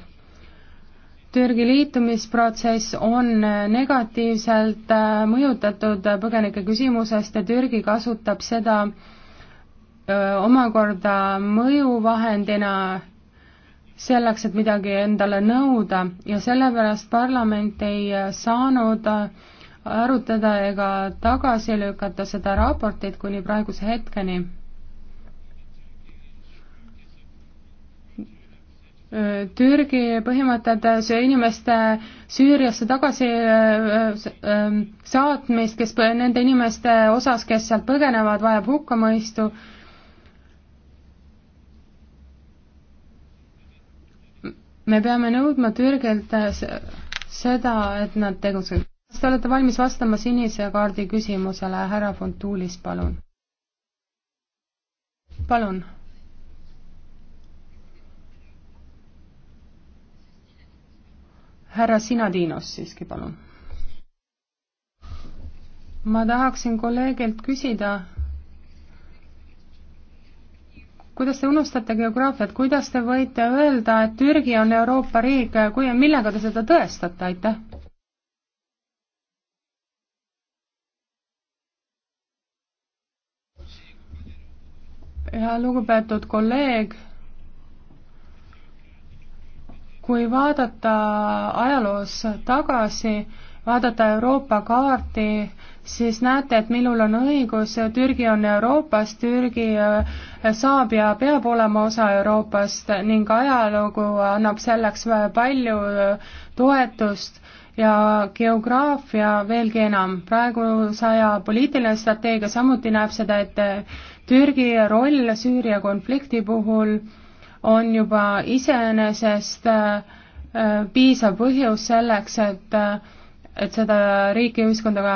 Türgi liitumisprotsess on äh, negatiivselt äh, mõjutatud äh, põgenike küsimusest ja Türgi kasutab seda omakorda mõjuvahendina selleks, et midagi endale nõuda ja sellepärast parlament ei saanud arutada ega tagasi lükata seda raportit kuni praeguse hetkeni Türgi põhimõtetes inimeste Süüriasse tagasi äh, äh, saatmist, kes nende inimeste osas, kes sealt põgenevad, vajab hukkamõistu. me peame nõudma Türgilt äh, seda, et nad tegutsevad. kas te olete valmis vastama sinise kaardi küsimusele, härra Fontulis, palun? palun härra Sinadinos siiski, palun. ma tahaksin kolleegilt küsida, kuidas te unustate geograafiat, kuidas te võite öelda, et Türgi on Euroopa riik, kui, millega te seda tõestate, aitäh? ja lugupeetud kolleeg kui vaadata ajaloos tagasi, vaadata Euroopa kaarti, siis näete, et millul on õigus, Türgi on Euroopas, Türgi äh, saab ja peab olema osa Euroopast ning ajalugu annab selleks palju äh, toetust ja geograafia veelgi enam. praeguse aja poliitiline strateegia samuti näeb seda, et äh, Türgi roll Süüria konflikti puhul on juba iseenesest äh, äh, piisav põhjus selleks, et äh, et seda riiki ja ühiskonda ka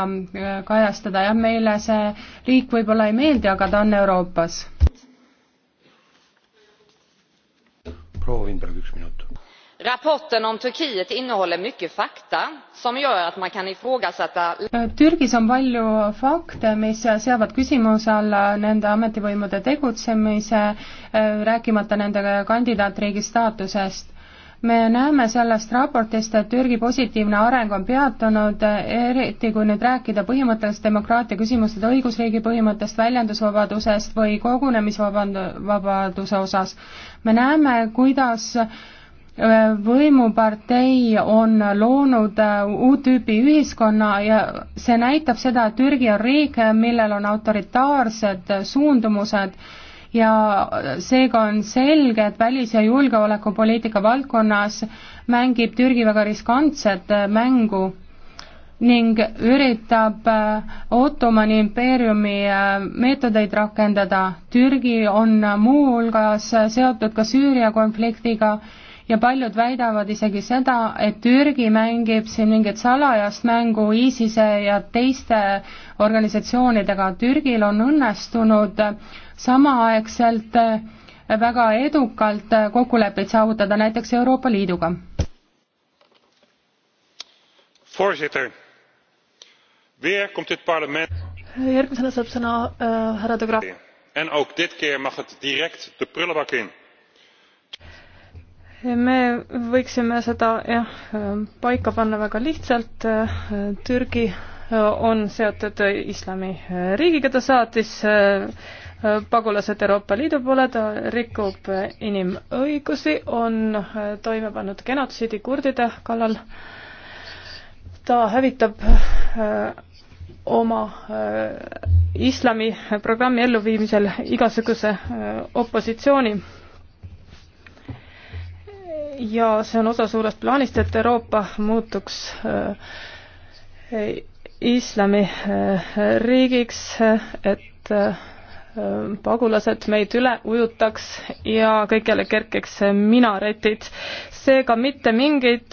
kajastada, jah, meile see riik võib-olla ei meeldi, aga ta on Euroopas. proua Vindberg, üks minut Rapporten om Turkiet innehåller mycket fakta som gör att man kan ifrågasätta Türgis on palju fakte, mis seavad küsimuse alla nende ametivõimude tegutsemise, eh, rääkimata nende kandidaatriigi staatusest. me näeme sellest raportist, et Türgi positiivne areng on peatunud, eriti kui nüüd rääkida põhimõtteliselt demokraatia küsimustest, õigusriigi põhimõttest, väljendusvabadusest või kogunemisvabaduse osas. me näeme, kuidas võimupartei on loonud äh, uut tüüpi ühiskonna ja see näitab seda, et Türgi on riik, millel on autoritaarsed suundumused ja seega on selge, et välis- ja julgeolekupoliitika valdkonnas mängib Türgi väga riskantset äh, mängu ning üritab äh, Ottomani impeeriumi meetodeid rakendada. Türgi on muuhulgas seotud ka Süüria konfliktiga ja paljud väidavad isegi seda, et Türgi mängib siin mingit salajast mängu ISISe ja teiste organisatsioonidega. Türgil on õnnestunud samaaegselt väga edukalt kokkuleppeid saavutada näiteks Euroopa Liiduga. voorzitter, weer komt dit parlement järgmisena saab sõna äh, härra De Graaf. En ook dit keer mag het direct de prullenbak in me võiksime seda jah, paika panna väga lihtsalt, Türgi äh, on seotud islamiriigiga, äh, ta saatis äh, pagulased Euroopa Liidu poole, ta rikub inimõigusi, on toime pannud genotsiidi kurdide kallal, ta hävitab oma islamiprogrammi elluviimisel igasuguse opositsiooni ja see on osa suurest plaanist, et Euroopa muutuks äh, islamiriigiks, äh, et äh, pagulased meid üle ujutaks ja kõikjale kerkeks minaretid. seega mitte mingeid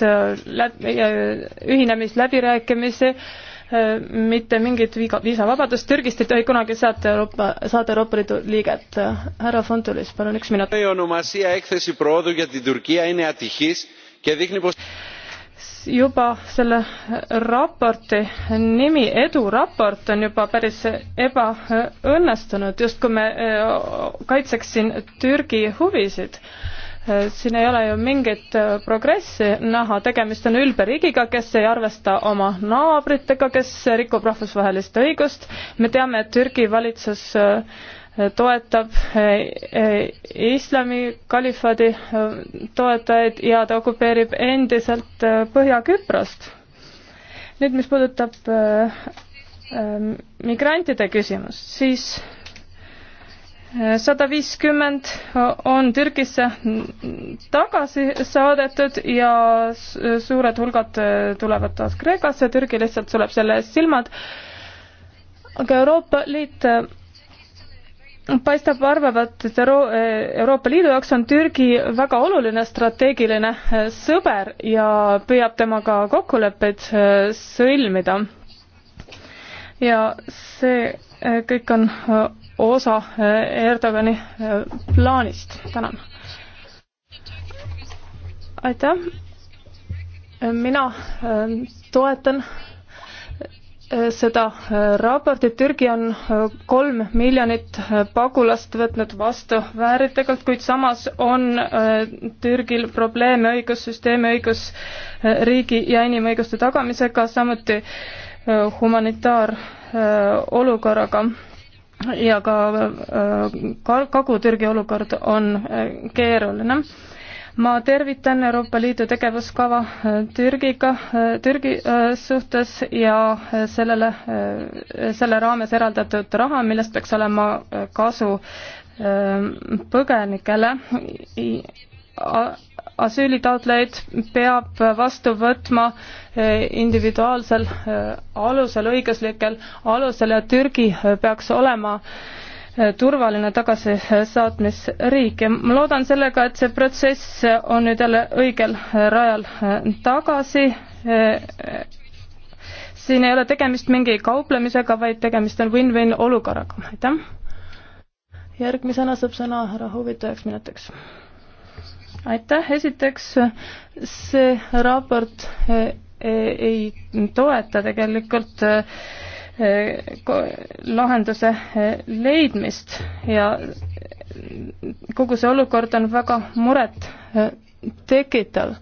ühinemisläbirääkimisi Äh, mitte mingit viga, viisavabadust, Türgist ei tohi kunagi saata Euroopa, saada Euroopa Liidu liiget. Äh, härra Fontulis, palun üks minut. juba selle raporti nimi, eduraport, on juba päris ebaõnnestunud, justkui me äh, kaitseks siin Türgi huvisid Eh, siin ei ole ju mingit eh, progressi näha, tegemist on ülbe riigiga, kes ei arvesta oma naabritega, kes rikub rahvusvahelist õigust. me teame, et Türgi valitsus eh, toetab islami kalifaadi toetajaid ja ta okupeerib endiselt Põhja-Küprost. nüüd, mis puudutab migrantide küsimust, siis sada viiskümmend on Türgisse tagasi saadetud ja suured hulgad tulevad taas Kreekasse, Türgi lihtsalt suleb selle eest silmad. aga Euroopa Liit paistab arvavat, et Euro-, Euroopa Liidu jaoks on Türgi väga oluline strateegiline sõber ja püüab temaga kokkuleppeid sõlmida. ja see kõik on osa eh, Erdogani eh, plaanist. tänan. aitäh. mina eh, toetan seda raportit, Türgi on kolm miljonit pagulast võtnud vastu väärikalt, kuid samas on Türgil probleeme õigussüsteemi, õigusriigi ja inimõiguste tagamisega, samuti humanitaarolukorraga ja äh, ka Kagu-Türgi olukord on äh, keeruline. ma tervitan Euroopa Liidu tegevuskava äh, Türgiga, Türgi suhtes ja sellele, selle raames eraldatud raha, millest peaks olema kasu põgenikele asüülitaotlejaid peab vastu võtma eh, individuaalsel eh, alusel, õiguslikel alusel ja Türgi eh, peaks olema turvaline tagasisaatmisriik ja ma loodan sellega, et see protsess on nüüd jälle õigel rajal tagasi. siin ei ole tegemist mingi kauplemisega, vaid tegemist on win-win olukorraga, aitäh. järgmisena saab sõna härra Huvi üheks minutiks aitäh, esiteks see raport eh, eh, ei toeta tegelikult eh, lahenduse leidmist ja kogu see olukord on väga muret tekitav.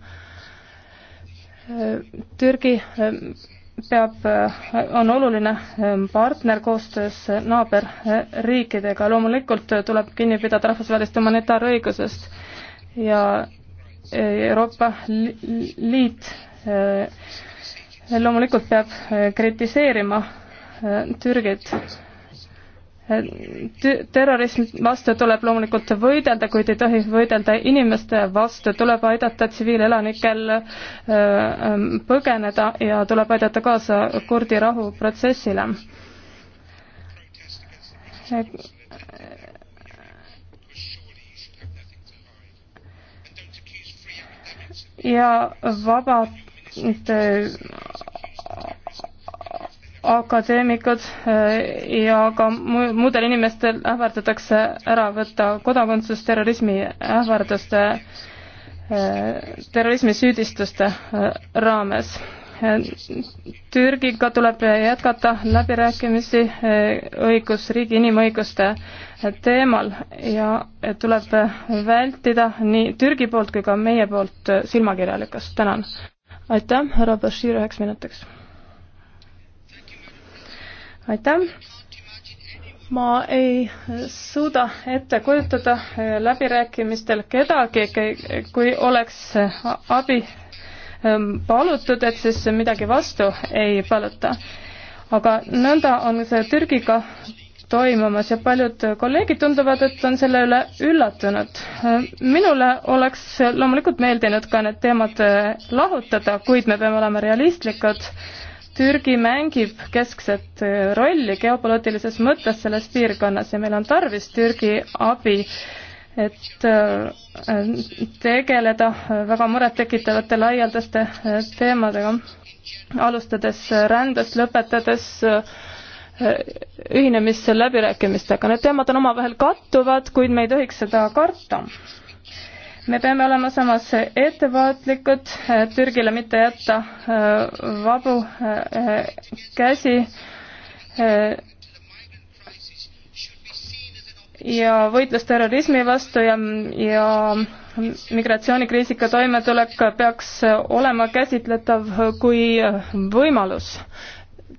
Türgi peab, on oluline partner koostöös naaberriikidega, loomulikult tuleb kinni pidada rahvusvahelist humanitaarõigusest ja e, Euroopa Liit e, loomulikult peab e, kritiseerima Türgit. terrorismi vastu tuleb loomulikult võidelda, kuid ei tohi võidelda inimeste vastu, tuleb aidata tsiviilelanikel põgeneda ja tuleb aidata kaasa kurdi rahuprotsessile ja vabad akadeemikud äh, ja ka muudel inimestel ähvardatakse ära võtta kodakondsus terrorismi ähvarduste, äh, terrorismisüüdistuste äh, raames. Türgiga tuleb jätkata läbirääkimisi õigusriigi inimõiguste teemal ja tuleb vältida nii Türgi poolt kui ka meie poolt silmakirjalikkust. tänan. aitäh, härra Bashir üheks minutiks. aitäh. ma ei suuda ette kujutada läbirääkimistel kedagi, kui oleks abi palutud, et siis midagi vastu ei paluta. aga nõnda on see Türgiga toimumas ja paljud kolleegid tunduvad, et on selle üle üllatunud. minule oleks loomulikult meeldinud ka need teemad lahutada, kuid me peame olema realistlikud. Türgi mängib keskset rolli geopoliitilises mõttes selles piirkonnas ja meil on tarvis Türgi abi et äh, tegeleda väga murettekitavate laialdaste teemadega, alustades rändest, lõpetades äh, Äh, ühinemisläbirääkimistega. Need teemad on omavahel kattuvad, kuid me ei tohiks seda karta. me peame olema samas ettevaatlikud, äh, Türgile mitte jätta äh, vabu käsi ja võitlus terrorismi vastu ja, ja migratsioonikriisiga toimetulek peaks olema käsitletav kui võimalus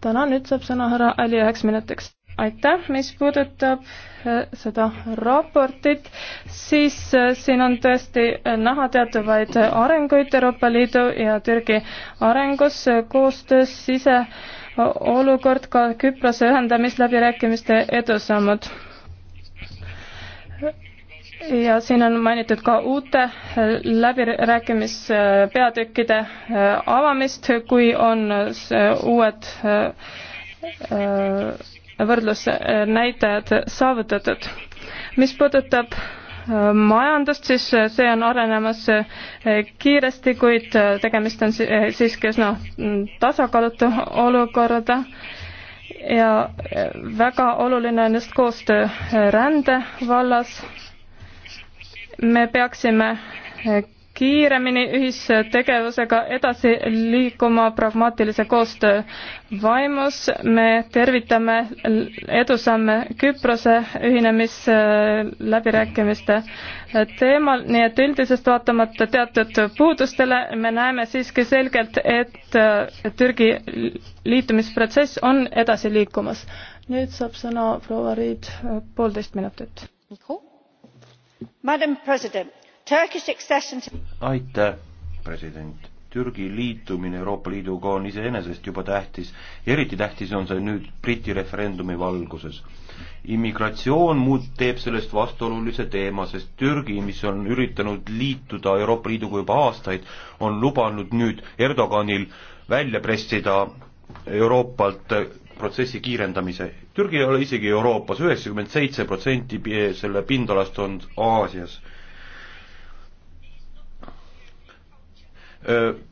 tänan, nüüd saab sõna härra Ali üheks minutiks. aitäh, mis puudutab äh, seda raportit, siis äh, siin on tõesti äh, näha teatavaid arenguid Euroopa Liidu ja Türgi arengus koostöös siseolukord, ka Küprose ühendamisläbirääkimiste edusammud ja siin on mainitud ka uute äh, läbirääkimispeatükkide äh, äh, avamist, kui on uued võrdlusnäitajad saavutatud. mis puudutab majandust, siis see on arenemas kiiresti, kuid tegemist on siiski üsna mm, tasakaalutu olukorda ja väga oluline on just koostöö rände vallas me peaksime kiiremini ühistegevusega edasi liikuma pragmaatilise koostöö vaimus. me tervitame edusamme Küprose ühinemisläbirääkimiste teemal, nii et üldisest vaatamata teatud puudustele me näeme siiski selgelt, et äh, Türgi liitumisprotsess on edasi liikumas. nüüd saab sõna proua Riid, äh, poolteist minutit. Mikro? aitäh, president. Türgi liitumine Euroopa Liiduga on iseenesest juba tähtis ja eriti tähtis on see nüüd Briti referendumi valguses. immigratsioon muud teeb sellest vastuolulise teema, sest Türgi, mis on üritanud liituda Euroopa Liiduga juba aastaid, on lubanud nüüd Erdoganil välja pressida Euroopalt protsessi kiirendamise. Türgi ei ole isegi Euroopas, üheksakümmend seitse protsenti selle pindalast on Aasias.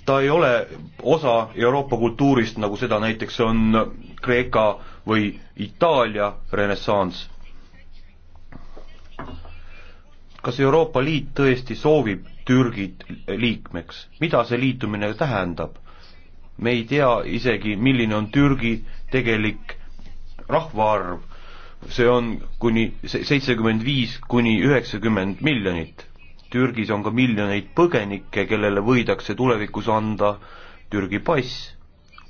ta ei ole osa Euroopa kultuurist, nagu seda näiteks on Kreeka või Itaalia renessanss. kas Euroopa Liit tõesti soovib Türgit liikmeks, mida see liitumine tähendab? me ei tea isegi, milline on Türgi tegelik rahvaarv. see on kuni seitsekümmend viis kuni üheksakümmend miljonit. Türgis on ka miljoneid põgenikke, kellele võidakse tulevikus anda Türgi pass.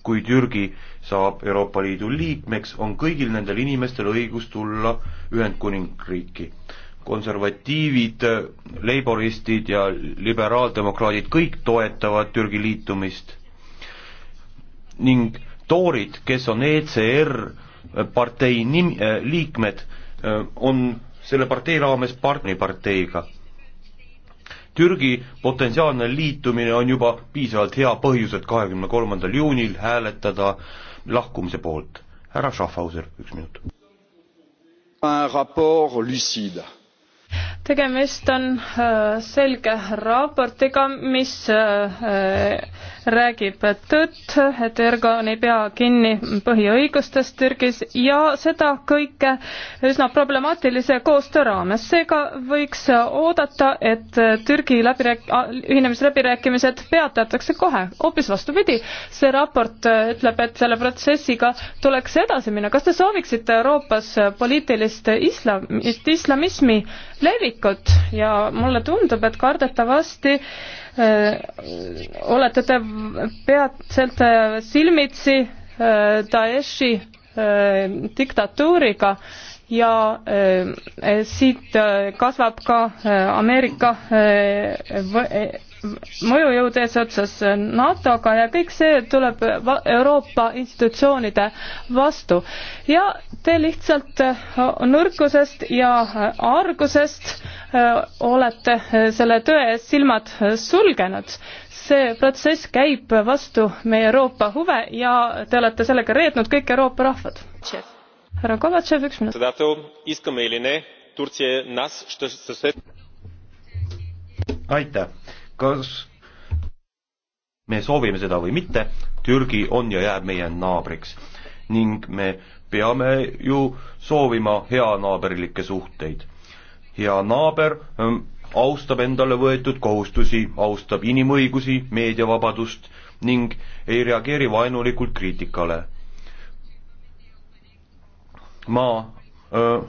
kui Türgi saab Euroopa Liidu liikmeks, on kõigil nendel inimestel õigus tulla Ühendkuningriiki konservatiivid, leiboristid ja liberaaldemokraadid kõik toetavad Türgi liitumist ning toorid, kes on ECR partei nim-, äh, liikmed, äh, on selle partei raames partneriparteiga. Türgi potentsiaalne liitumine on juba piisavalt hea põhjus, et kahekümne kolmandal juunil hääletada lahkumise poolt. härra Schaffhauser, üks minut. tegemist on äh, selge raportiga, mis räägib tõtt, et Erdogan ei pea kinni põhiõigustest Türgis ja seda kõike üsna problemaatilise koostöö raames. seega võiks oodata, et Türgi läbirääk-, ühinemisläbirääkimised peatatakse kohe. hoopis vastupidi, see raport ütleb, et selle protsessiga tuleks edasi minna. kas te sooviksite Euroopas poliitilist islam-, islamismi levikut ja mulle tundub, et kardetavasti Äh, olete te peatselt äh, silmitsi äh, Daeshi diktatuuriga ja äh, siit äh, kasvab ka äh, Ameerika mõjujõud eesotsas NATO-ga ja kõik see tuleb Euroopa institutsioonide vastu. ja te lihtsalt nõrkusest ja argusest olete selle tõe ees silmad sulgenud. see protsess käib vastu meie Euroopa huve ja te olete sellega reetnud kõik Euroopa rahvad härra Kovatšev, üks minut. aitäh, kas me soovime seda või mitte, Türgi on ja jääb meie naabriks ning me peame ju soovima heanaaberlikke suhteid. hea naaber ähm, austab endale võetud kohustusi, austab inimõigusi, meediavabadust ning ei reageeri vaenulikult kriitikale ma öö,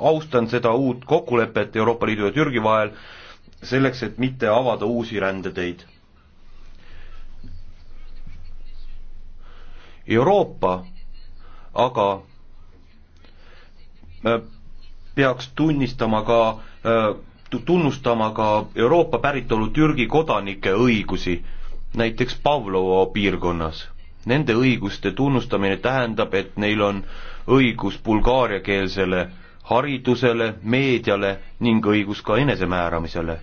austan seda uut kokkulepet Euroopa Liidu ja Türgi vahel selleks, et mitte avada uusi rändeteid. Euroopa aga peaks tunnistama ka, tunnustama ka Euroopa päritolu Türgi kodanike õigusi, näiteks Pavlova piirkonnas. Nende õiguste tunnustamine tähendab, et neil on äh, õigus bulgaariakeelsele haridusele, meediale ning õigus ka enesemääramisele.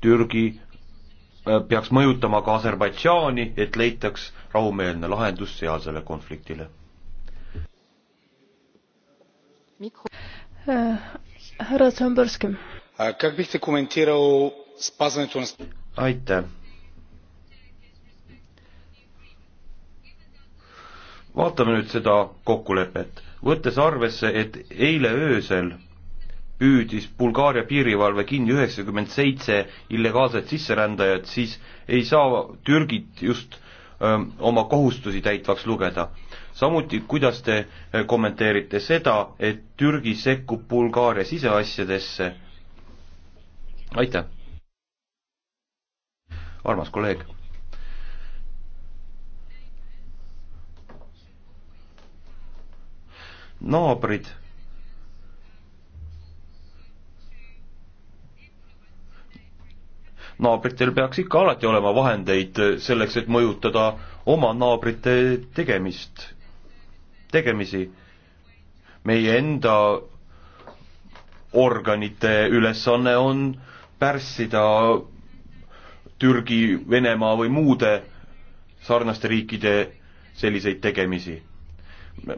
Türgi äh, peaks mõjutama ka Aserbaidžaani, et leitaks rahumeelne lahendus sealsele konfliktile. Äh, härra Tšamborski. Äh, aitäh vaatame nüüd seda kokkulepet. võttes arvesse, et eile öösel püüdis Bulgaaria piirivalve kinni üheksakümmend seitse illegaalset sisserändajat, siis ei saa Türgit just öö, ähm, oma kohustusi täitvaks lugeda. samuti, kuidas te äh, kommenteerite seda, et Türgi sekkub Bulgaaria siseasjadesse? aitäh! armas kolleeg naabrid naabritel peaks ikka alati olema vahendeid selleks, et mõjutada oma naabrite tegemist, tegemisi. meie enda organite ülesanne on pärssida Türgi, Venemaa või muude sarnaste riikide selliseid tegemisi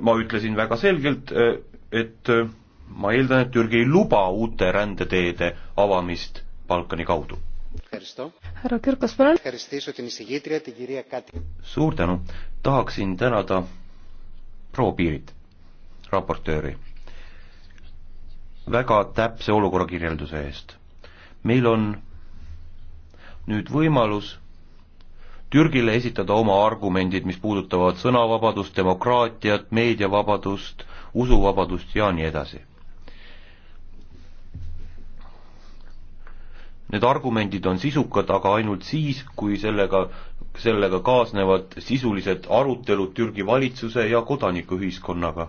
ma ütlesin väga selgelt, äh, et äh, ma eeldan, et Türgi ei luba uute rändeteede avamist Balkani kaudu. härra Kürkas, palun. suur tänu, tahaksin tänada proua Piirit, raportööri, väga täpse olukorra kirjelduse eest. meil on nüüd võimalus Türgile esitada oma argumendid, mis puudutavad sõnavabadust, demokraatiat, meediavabadust, usuvabadust ja nii edasi. Need argumendid on sisukad, aga ainult siis, kui sellega, sellega kaasnevad sisulised arutelud Türgi valitsuse ja kodanikuühiskonnaga,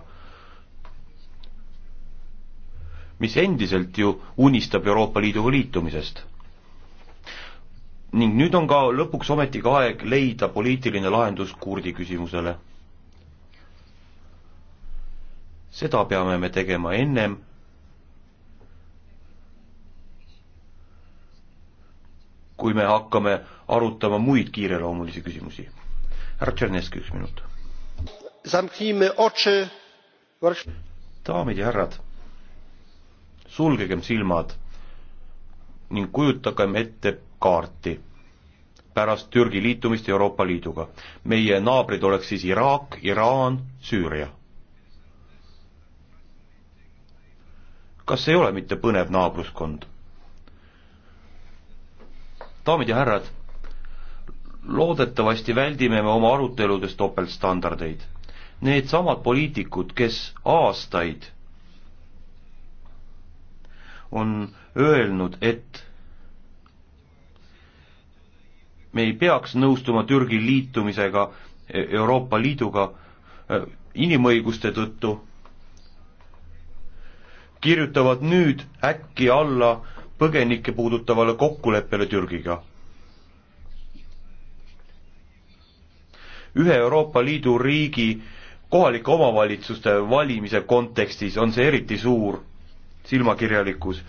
mis endiselt ju unistab Euroopa Liiduga liitumisest ning nüüd on ka lõpuks ometigi aeg leida poliitiline lahendus kurdi küsimusele. seda peame me tegema ennem, kui me hakkame arutama muid kiireloomulisi küsimusi. härra Tšerneski, üks minut. daamid ja härrad, sulgegem silmad ning kujutagem ette kaarti pärast Türgi liitumist Euroopa Liiduga. meie naabrid oleks siis Iraak, Iraan, Süüria. kas ei ole mitte põnev naabruskond? daamid ja härrad, loodetavasti väldime me oma aruteludes topeltstandardeid. Needsamad poliitikud, kes aastaid on öelnud, et me ei peaks nõustuma Türgi liitumisega e-, Euroopa Liiduga e, inimõiguste tõttu, kirjutavad nüüd äkki alla põgenikke puudutavale kokkuleppele Türgiga. ühe Euroopa Liidu riigi kohalike omavalitsuste valimise kontekstis on see eriti suur silmakirjalikkus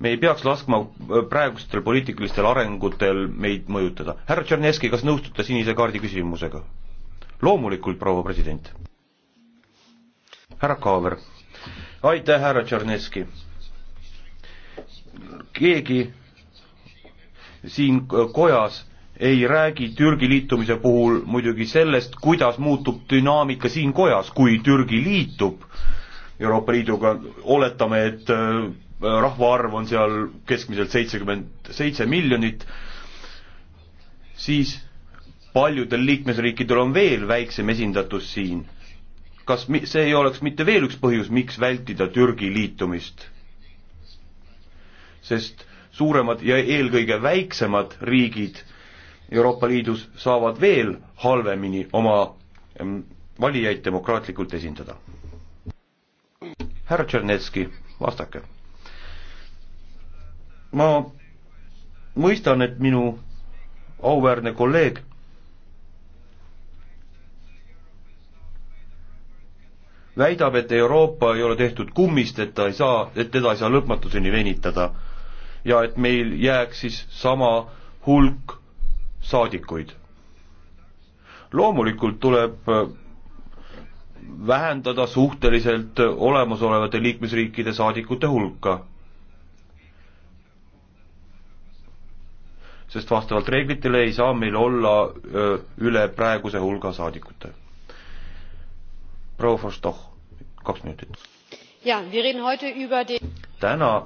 me ei peaks laskma äh, praegustel poliitilistel arengutel meid mõjutada. härra Tšerneski, kas nõustute sinise kaardi küsimusega? loomulikult, proua president. härra Kaaver. aitäh, härra Tšerneski. keegi siin kojas ei räägi Türgi liitumise puhul muidugi sellest, kuidas muutub dünaamika siin kojas, kui Türgi liitub Euroopa Liiduga, oletame, et äh, rahvaarv on seal keskmiselt seitsekümmend seitse miljonit, siis paljudel liikmesriikidel on veel väiksem esindatus siin. kas mi-, see ei oleks mitte veel üks põhjus, miks vältida Türgi liitumist? sest suuremad ja eelkõige väiksemad riigid Euroopa Liidus saavad veel halvemini oma valijaid demokraatlikult esindada. härra Tšernetski, vastake ma mõistan, et minu auväärne kolleeg väidab, et Euroopa ei ole tehtud kummist, et ta ei saa, et teda ei saa lõpmatuseni venitada. ja et meil jääks siis sama hulk saadikuid. loomulikult tuleb äh, vähendada suhteliselt olemasolevate liikmesriikide saadikute hulka. sest vastavalt reeglitele ei saa meil olla öö, üle praeguse hulga saadikute. proua Fostoh, kaks minutit. täna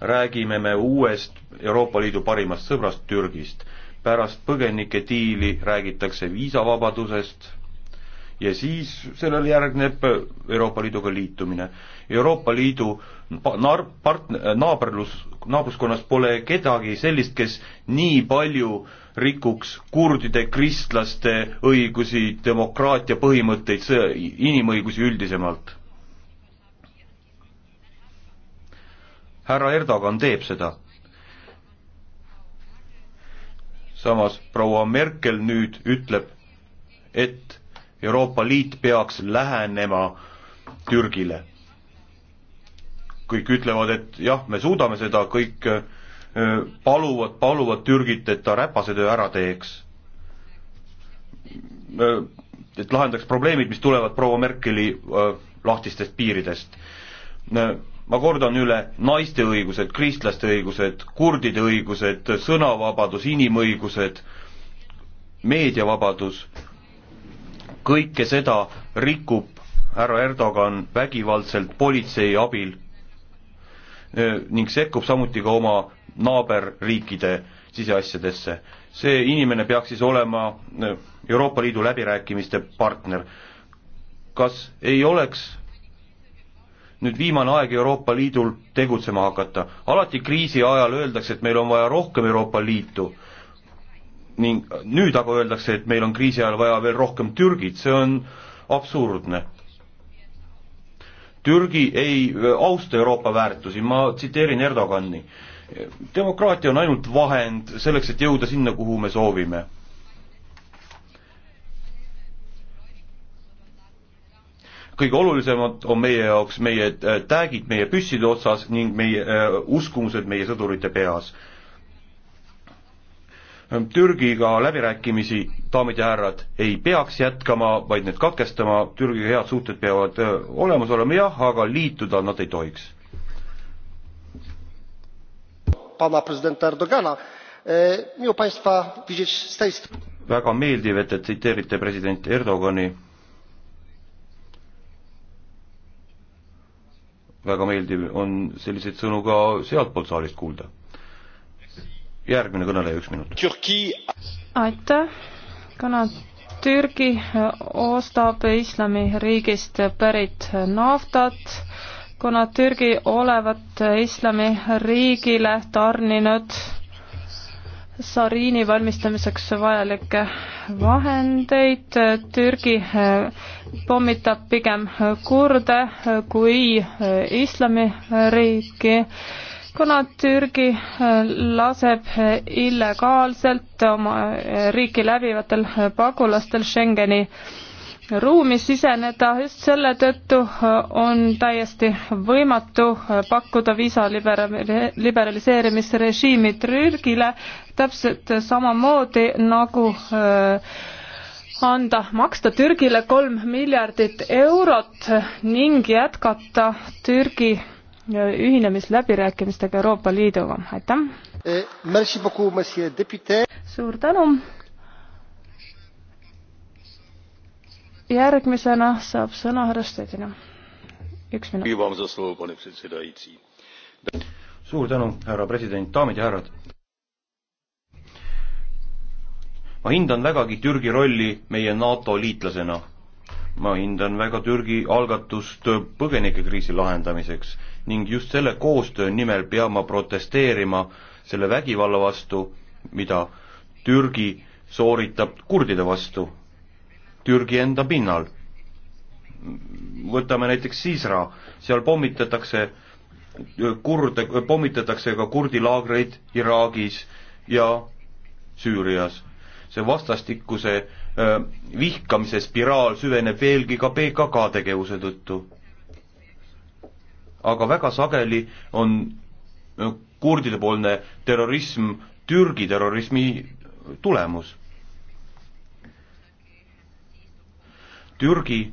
räägime me uuest Euroopa Liidu parimast sõbrast Türgist. pärast põgenike diili räägitakse viisavabadusest ja siis sellele järgneb Euroopa Liiduga liitumine. Euroopa Liidu nar-, part-, naaberlus, naabruskonnas pole kedagi sellist, kes nii palju rikuks kurdide, kristlaste õigusi, demokraatia põhimõtteid, sõja, inimõigusi üldisemalt. härra Erdogan teeb seda samas proua Merkel nüüd ütleb, et Euroopa Liit peaks lähenema Türgile. kõik ütlevad, et jah, me suudame seda, kõik äh, paluvad, paluvad Türgit, et ta räpase töö ära teeks. Äh, et lahendaks probleemid, mis tulevad proua Merkeli äh, lahtistest piiridest. ma kordan üle, naiste õigused, kristlaste õigused, kurdide õigused, sõnavabadus, inimõigused, meediavabadus kõike seda rikub härra Erdogan vägivaldselt politsei abil ning sekkub samuti ka oma naaberriikide siseasjadesse. see inimene peaks siis olema Euroopa Liidu läbirääkimiste partner. kas ei oleks nüüd viimane aeg Euroopa Liidul tegutsema hakata. alati kriisi ajal öeldakse, et meil on vaja rohkem Euroopa Liitu, ning nüüd aga öeldakse, et meil on kriisi ajal vaja veel rohkem Türgit, see on absurdne. Türgi ei austa Euroopa väärtusi, ma tsiteerin Erdogani. demokraatia on ainult vahend selleks, et jõuda sinna, kuhu me soovime kõige olulisemad on meie jaoks meie täägid meie püsside otsas ning meie äh, uskumused meie sõdurite peas Ehm, Türgiga läbirääkimisi, daamid ja härrad, ei peaks jätkama, vaid need katkestama, Türgiga head suhted peavad ehm, olemas olema jah, aga liituda nad ei tohiks. Ehm, väga meeldiv, et te tsiteerite president Erdogani. väga meeldiv on selliseid sõnu ka sealtpoolt saalist kuulda järgmine kõneleja, üks minut. aitäh, kõne Türgi ostab islamiriigist pärit naftat, kuna Türgi olevat islamiriigile tarninud sariini valmistamiseks vajalikke vahendeid. Türgi eh, pommitab pigem kurde kui islamiriiki kuna Türgi äh, laseb äh, illegaalselt oma äh, riiki läbivatel pagulastel Schengeni ruumi siseneda, just selle tõttu on täiesti võimatu pakkuda viisa libera-, liberaliseerimisrežiimi Türgile, täpselt samamoodi nagu anda, maksta Türgile kolm miljardit eurot ning jätkata Türgi ühinemisläbirääkimistega Euroopa Liiduga, aitäh! E, suur tänu! järgmisena saab sõna härra Stedina. üks minut. suur tänu, härra president, daamid ja härrad! ma hindan vägagi Türgi rolli meie NATO liitlasena. ma hindan väga Türgi algatust põgenikekriisi lahendamiseks ning just selle koostöö nimel pean ma protesteerima selle vägivalla vastu, mida Türgi sooritab kurdide vastu, Türgi enda pinnal. võtame näiteks Siisra, seal pommitatakse kurde, pommitatakse ka kurdi laagreid Iraagis ja Süürias. see vastastikuse vihkamise spiraal süveneb veelgi ka PKK tegevuse tõttu aga väga sageli on äh, kurdidepoolne terrorism Türgi terrorismi tulemus. Türgi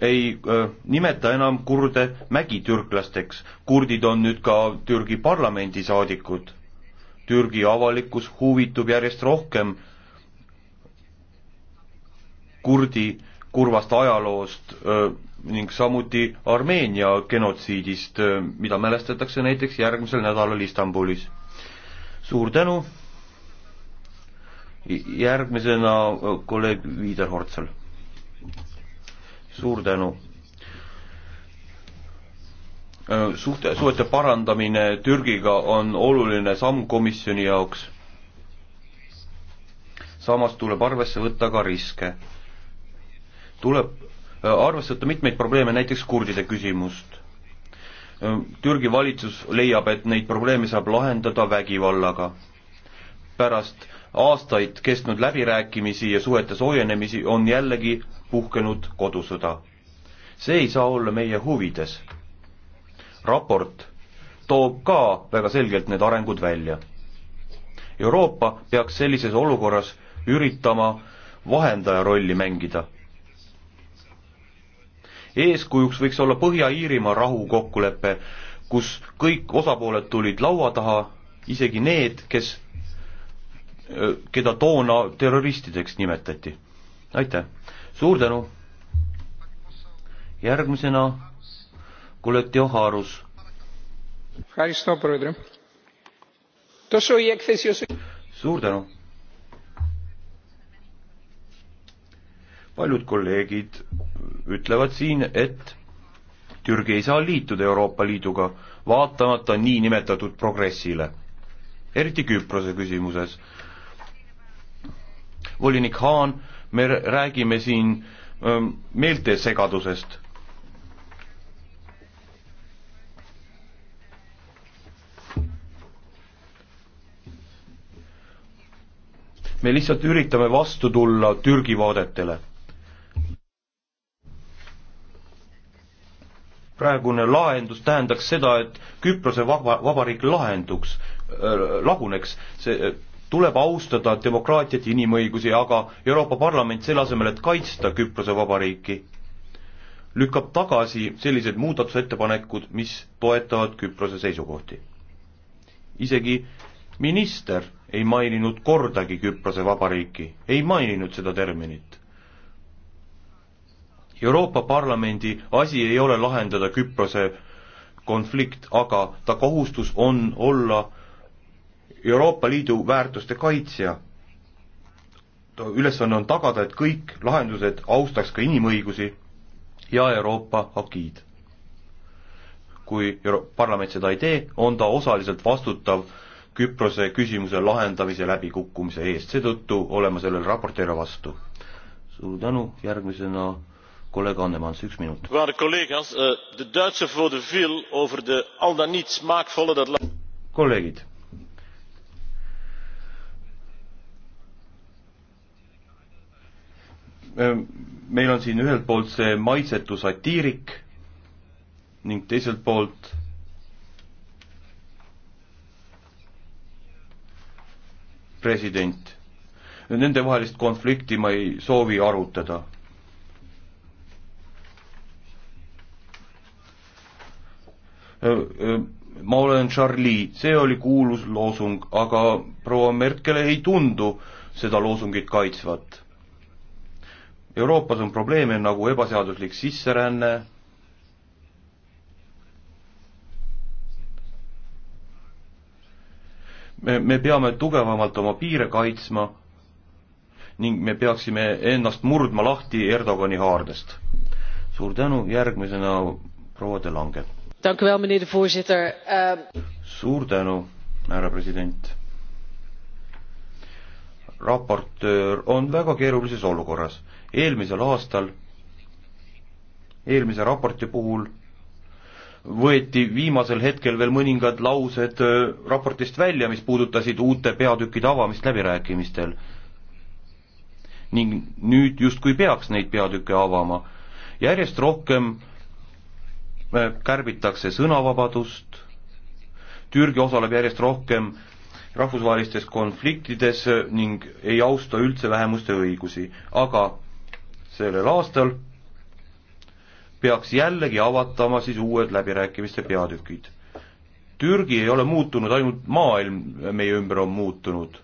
ei öö, äh, nimeta enam kurde mägitürklasteks, kurdid on nüüd ka Türgi parlamendi saadikud. Türgi avalikkus huvitub järjest rohkem kurdi öö, kurvast ajaloost ning samuti Armeenia genotsiidist, mida mälestatakse näiteks järgmisel nädalal Istanbulis. suur tänu, järgmisena kolleeg Viider Hortsel. suur tänu suhte, suhete parandamine Türgiga on oluline samm komisjoni jaoks. samas tuleb arvesse võtta ka riske tuleb äh, arvestada mitmeid probleeme, näiteks kurdide küsimust. Äh, Türgi valitsus leiab, et neid probleeme saab lahendada vägivallaga. pärast aastaid kestnud läbirääkimisi ja suhete soojenemisi on jällegi puhkenud kodusõda. see ei saa olla meie huvides. raport toob ka väga selgelt need arengud välja. Euroopa peaks sellises olukorras üritama vahendaja rolli mängida eeskujuks võiks olla Põhja-Iirimaa rahukokkulepe, kus kõik osapooled tulid laua taha, isegi need, kes, keda toona terroristideks nimetati. aitäh, suur tänu! järgmisena Kuletio Harus. suur tänu! paljud kolleegid ütlevad siin, et Türgi ei saa liituda Euroopa Liiduga, vaatamata niinimetatud progressile, eriti Küprose küsimuses. volinik Haan, me räägime siin ähm, meelte segadusest. me lihtsalt üritame vastu tulla Türgi vaadetele praegune lahendus tähendaks seda, et Küprose vaba, vabariik lahenduks äh,, laguneks, see äh, tuleb austada demokraatiat ja inimõigusi, aga Euroopa Parlament selle asemel, et kaitsta Küprose vabariiki, lükkab tagasi sellised muudatusettepanekud, mis toetavad Küprose seisukohti. isegi minister ei maininud kordagi Küprose vabariiki, ei maininud seda terminit Euroopa Parlamendi asi ei ole lahendada Küprose konflikt, aga ta kohustus on olla Euroopa Liidu väärtuste kaitsja. ülesanne on tagada, et kõik lahendused austaks ka inimõigusi ja Euroopa agiid. kui Euro-, parlament seda ei tee, on ta osaliselt vastutav Küprose küsimuse lahendamise läbikukkumise eest, seetõttu olen ma sellele raportile vastu. suur tänu, järgmisena kolleeg Annemans, üks minut. Eh, kolleegid. Ehm, meil on siin ühelt poolt see maitsetu satiirik ning teiselt poolt president. Nende vahelist konflikti ma ei soovi arutada ma olen Charlie, see oli kuulus loosung, aga proua Merkel ei tundu seda loosungit kaitsvat. Euroopas on probleeme nagu ebaseaduslik sisseränne, me, me peame tugevamalt oma piire kaitsma ning me peaksime ennast murdma lahti Erdogani haardest. suur tänu, järgmisena proua De Lange voorzitter ehm, suur tänu härra president raportöör on väga keerulises olukorras eelmisel aastal eelmise raporti puhul võeti viimasel hetkel veel mõningad laused äh, raportist välja, mis puudutasid uute peatükkide avamist läbirääkimistel. ning nüüd justkui peaks neid peatükke avama. järjest rohkem äh, kärbitakse sõnavabadust, Türgi osaleb järjest rohkem rahvusvahelistes konfliktides ning ei austa üldse vähemuste õigusi, aga sellel aastal peaks jällegi avatama siis uued läbirääkimiste peatükid. Türgi ei ole muutunud, ainult maailm meie ümber on muutunud.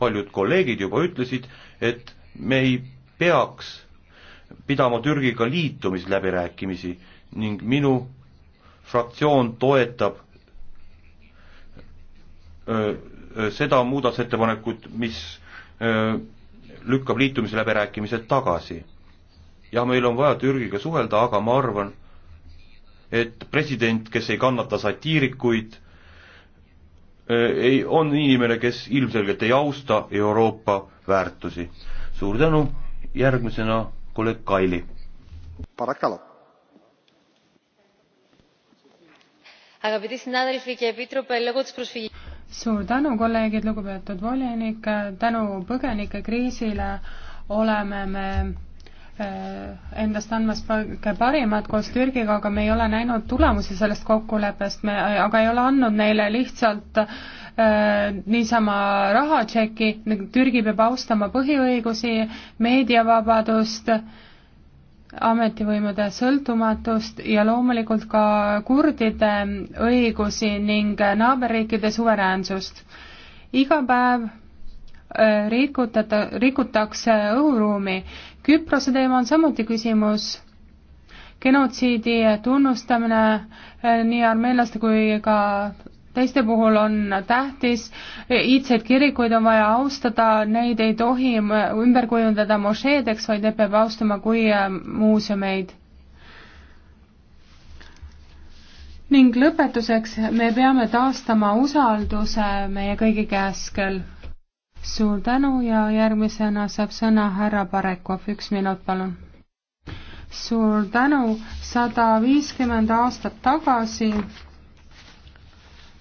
paljud kolleegid juba ütlesid, et me ei peaks pidama Türgiga liitumisläbirääkimisi ning minu fraktsioon toetab öö, seda muudatusettepanekut, mis öö, lükkab liitumisläbirääkimised tagasi. jah, meil on vaja Türgiga suhelda, aga ma arvan, et president, kes ei kannata satiirikuid, ei, on inimene, kes ilmselgelt ei austa Euroopa väärtusi. suur tänu, järgmisena kolleeg Kaili. Παρακαλώ. Αγαπητοί συνάδελφοι και επίτροπε, λόγω της προσφυγής... Suur tänu, kolleegid, lugupeetud volinik, tänu põgenikekriisile oleme me Äh, endast andmas parimat koos Türgiga, aga me ei ole näinud tulemusi sellest kokkuleppest, me äh, aga ei ole andnud neile lihtsalt äh, niisama rahatšeki, Türgi peab austama põhiõigusi, meediavabadust, ametivõimude sõltumatust ja loomulikult ka kurdide õigusi ning naaberriikide suveräänsust. iga päev äh, rikutata, rikutakse õhuruumi Küprose teema on samuti küsimus, genotsiidi tunnustamine eh, nii armeenlaste kui ka teiste puhul on tähtis, iidseid kirikuid on vaja austada, neid ei tohi ümber kujundada mošeedeks, vaid neid peab austama kui eh, muuseumeid. ning lõpetuseks me peame taastama usalduse meie kõigi käskel suur tänu ja järgmisena saab sõna härra Parekov, üks minut, palun. suur tänu, sada viiskümmend aastat tagasi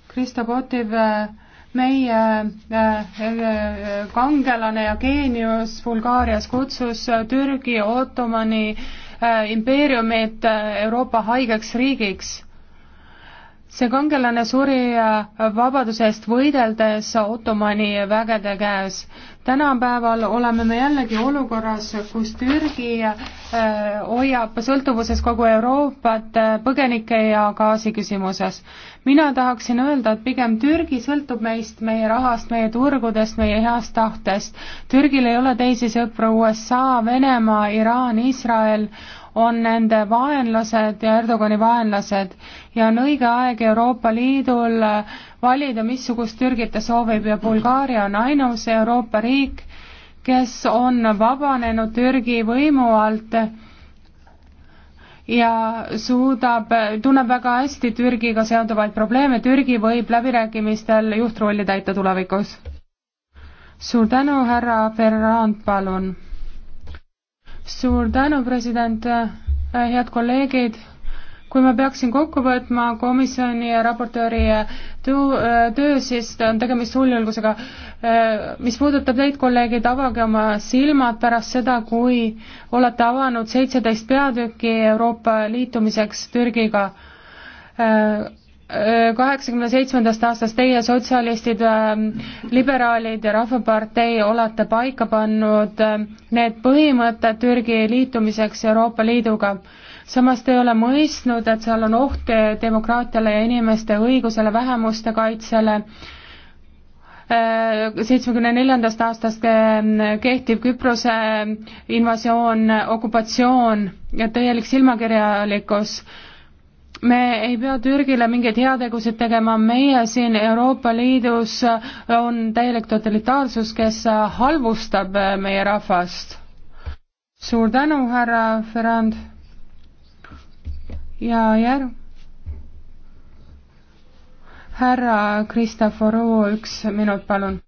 Kristo Potiv meie äh, äh, kangelane ja geenius Bulgaarias kutsus Türgi Ottomani äh, impeeriumit Euroopa haigeks riigiks see kangelane suri äh, vabaduse eest võideldes Ottomani vägede käes tänapäeval oleme me jällegi olukorras, kus Türgi äh, hoiab sõltuvuses kogu Euroopat äh, põgenike ja gaasi küsimuses. mina tahaksin öelda, et pigem Türgi sõltub meist, meie rahast, meie turgudest, meie heast tahtest. Türgil ei ole teisi sõpru, USA, Venemaa, Iraan, Iisrael on nende vaenlased ja Erdogani vaenlased ja on õige aeg Euroopa Liidul äh, valida, missugust Türgit ta soovib ja Bulgaaria on ainus Euroopa riik, kes on vabanenud Türgi võimu alt ja suudab, tunneb väga hästi Türgiga seonduvaid probleeme, Türgi võib läbirääkimistel juhtrolli täita tulevikus. suur tänu, härra Ferrand, palun. suur tänu, president, head kolleegid kui ma peaksin kokku võtma komisjoni ja raportööri äh, töö, äh, töö, siis on tegemist hulljulgusega. Äh, mis puudutab teid, kolleegid, avage oma silmad pärast seda, kui olete avanud seitseteist peatükki Euroopa liitumiseks Türgiga. kaheksakümne seitsmendast aastast teie, sotsialistid, ähm, liberaalid ja Rahvapartei olete paika pannud need põhimõtted Türgi liitumiseks Euroopa Liiduga samas te ei ole mõistnud, et seal on oht demokraatiale ja inimeste õigusele, vähemuste kaitsele, äh, seitsmekümne neljandast aastast äh, kehtiv Küprose äh, invasioon, okupatsioon ja täielik silmakirjalikkus me ei pea Türgile mingeid heategusid tegema, meie siin Euroopa Liidus on täielik totalitaarsus, kes halvustab meie rahvast. suur tänu, härra Ferrand ja järg-, härra Kristaforu, üks minut, palun.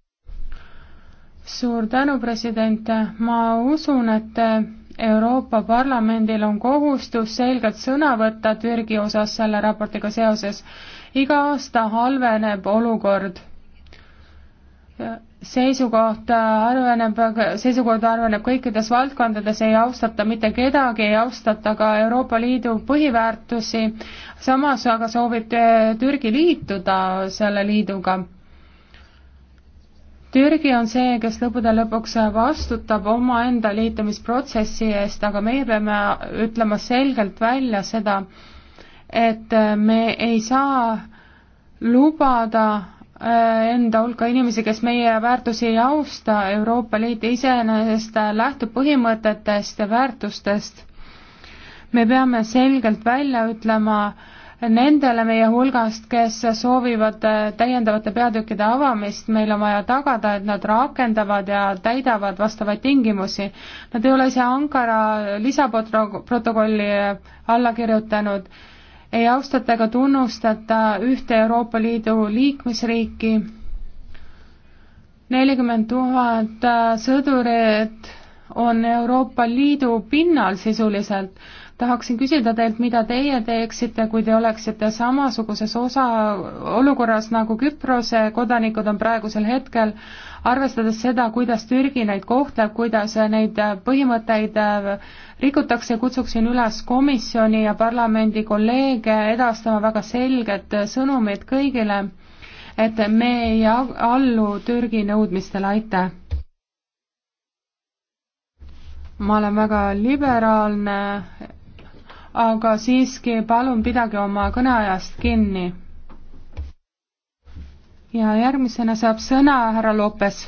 suur tänu, president, ma usun, et Euroopa Parlamendil on kohustus selgelt sõna võtta Türgi osas selle raportiga seoses. iga aasta halveneb olukord seisukoht äh, arveneb, seisukord arveneb kõikides valdkondades, ei austata mitte kedagi, ei austata ka Euroopa Liidu põhiväärtusi, samas aga soovib äh, Türgi liituda selle liiduga. Türgi on see, kes lõppude lõpuks vastutab omaenda liitumisprotsessi eest, aga meie peame ütlema selgelt välja seda, et me ei saa lubada Äh, enda hulka inimesi, kes meie väärtusi ei austa, Euroopa Liit iseenesest lähtub põhimõtetest ja väärtustest. me peame selgelt välja ütlema nendele meie hulgast, kes soovivad äh, täiendavate peatükkide avamist, meil on vaja tagada, et nad rakendavad ja täidavad vastavaid tingimusi. Nad ei ole ise Ankara lisaprotokolli äh, alla kirjutanud ei austata ega tunnustata ühte Euroopa Liidu liikmesriiki. nelikümmend tuhat sõdurit on Euroopa Liidu pinnal sisuliselt tahaksin küsida teilt, mida teie teeksite, kui te oleksite samasuguses osa, olukorras nagu Küprose kodanikud on praegusel hetkel, arvestades seda, kuidas Türgi neid kohtleb, kuidas neid põhimõtteid äh, rikutakse, kutsuksin üles komisjoni ja parlamendi kolleege edastama väga selged sõnumid kõigile, et me ei allu Türgi nõudmistele, aitäh! ma olen väga liberaalne aga siiski palun pidage oma kõneajast kinni. ja järgmisena saab sõna härra Lopes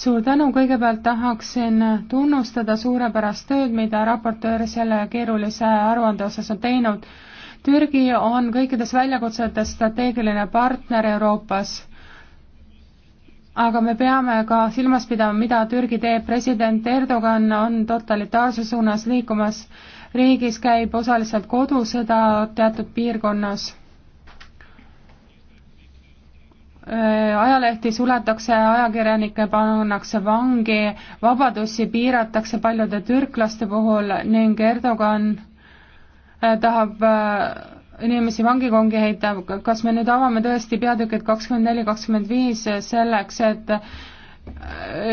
suur tänu, kõigepealt tahaksin tunnustada suurepärast tööd, mida raportöör selle keerulise aruande osas on teinud. Türgi on kõikides väljakutsetes strateegiline partner Euroopas. aga me peame ka silmas pidama, mida Türgi teeb, president Erdogan on totalitaarsuse suunas liikumas riigis käib osaliselt kodusõda teatud piirkonnas äh, ajalehti suletakse, ajakirjanikke pannakse vangi, vabadusi piiratakse paljude türklaste puhul ning Erdogan äh, tahab äh, inimesi vangikongi heita, kas me nüüd avame tõesti peatükid kakskümmend neli, kakskümmend viis selleks, et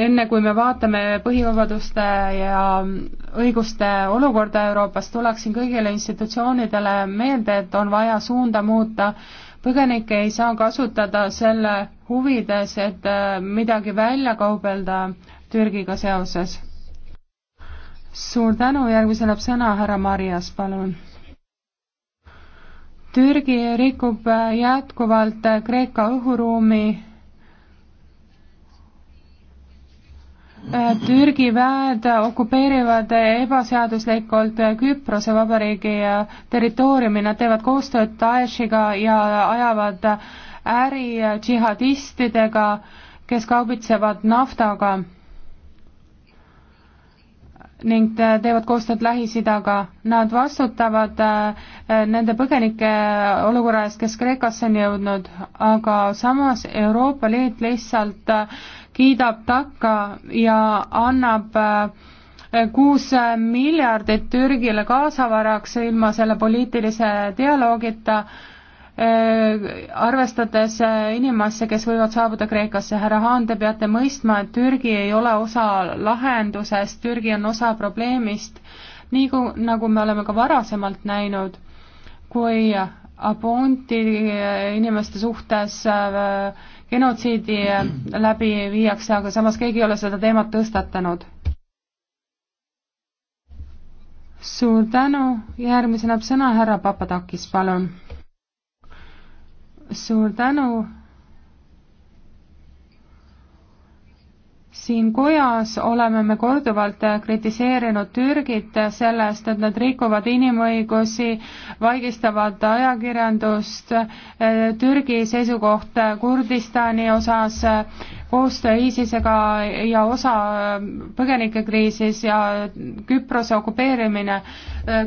enne kui me vaatame põhivabaduste ja õiguste olukorda Euroopas, tuleksin kõigile institutsioonidele meelde, et on vaja suunda muuta. põgenikke ei saa kasutada selle huvides, et äh, midagi välja kaubelda Türgiga seoses. suur tänu, järgmisena sõna härra Marias, palun. Türgi rikub äh, jätkuvalt äh, Kreeka õhuruumi Äh, Türgi väed okupeerivad ebaseaduslikult Küprose vabariigi äh, territooriumi, nad teevad koostööd Daeshiga ja ajavad äri džihadistidega, kes kaubitsevad naftaga ning teevad koostööd Lähis-Idaga. Nad vastutavad äh, nende põgenike olukorra eest, kes Kreekasse on jõudnud, aga samas Euroopa Liit lihtsalt kiidab takka ja annab äh, kuus miljardit Türgile kaasavaraks ilma selle poliitilise dialoogita, äh, arvestades äh, inimasse, kes võivad saabuda Kreekasse, härra Haan, te peate mõistma, et Türgi ei ole osa lahendusest, Türgi on osa probleemist, nii kui, nagu me oleme ka varasemalt näinud, kui Abonti inimeste suhtes genotsiidi läbi viiakse, aga samas keegi ei ole seda teemat tõstatanud. suur tänu, järgmisena sõna härra Papadakis, palun. suur tänu siin kojas oleme me korduvalt kritiseerinud Türgit selle eest, et nad rikuvad inimõigusi, vaigistavad ajakirjandust, Türgi seisukoht Kurdistani osas koostöö ISISega ja osa põgenikekriisis ja Küprose okupeerimine,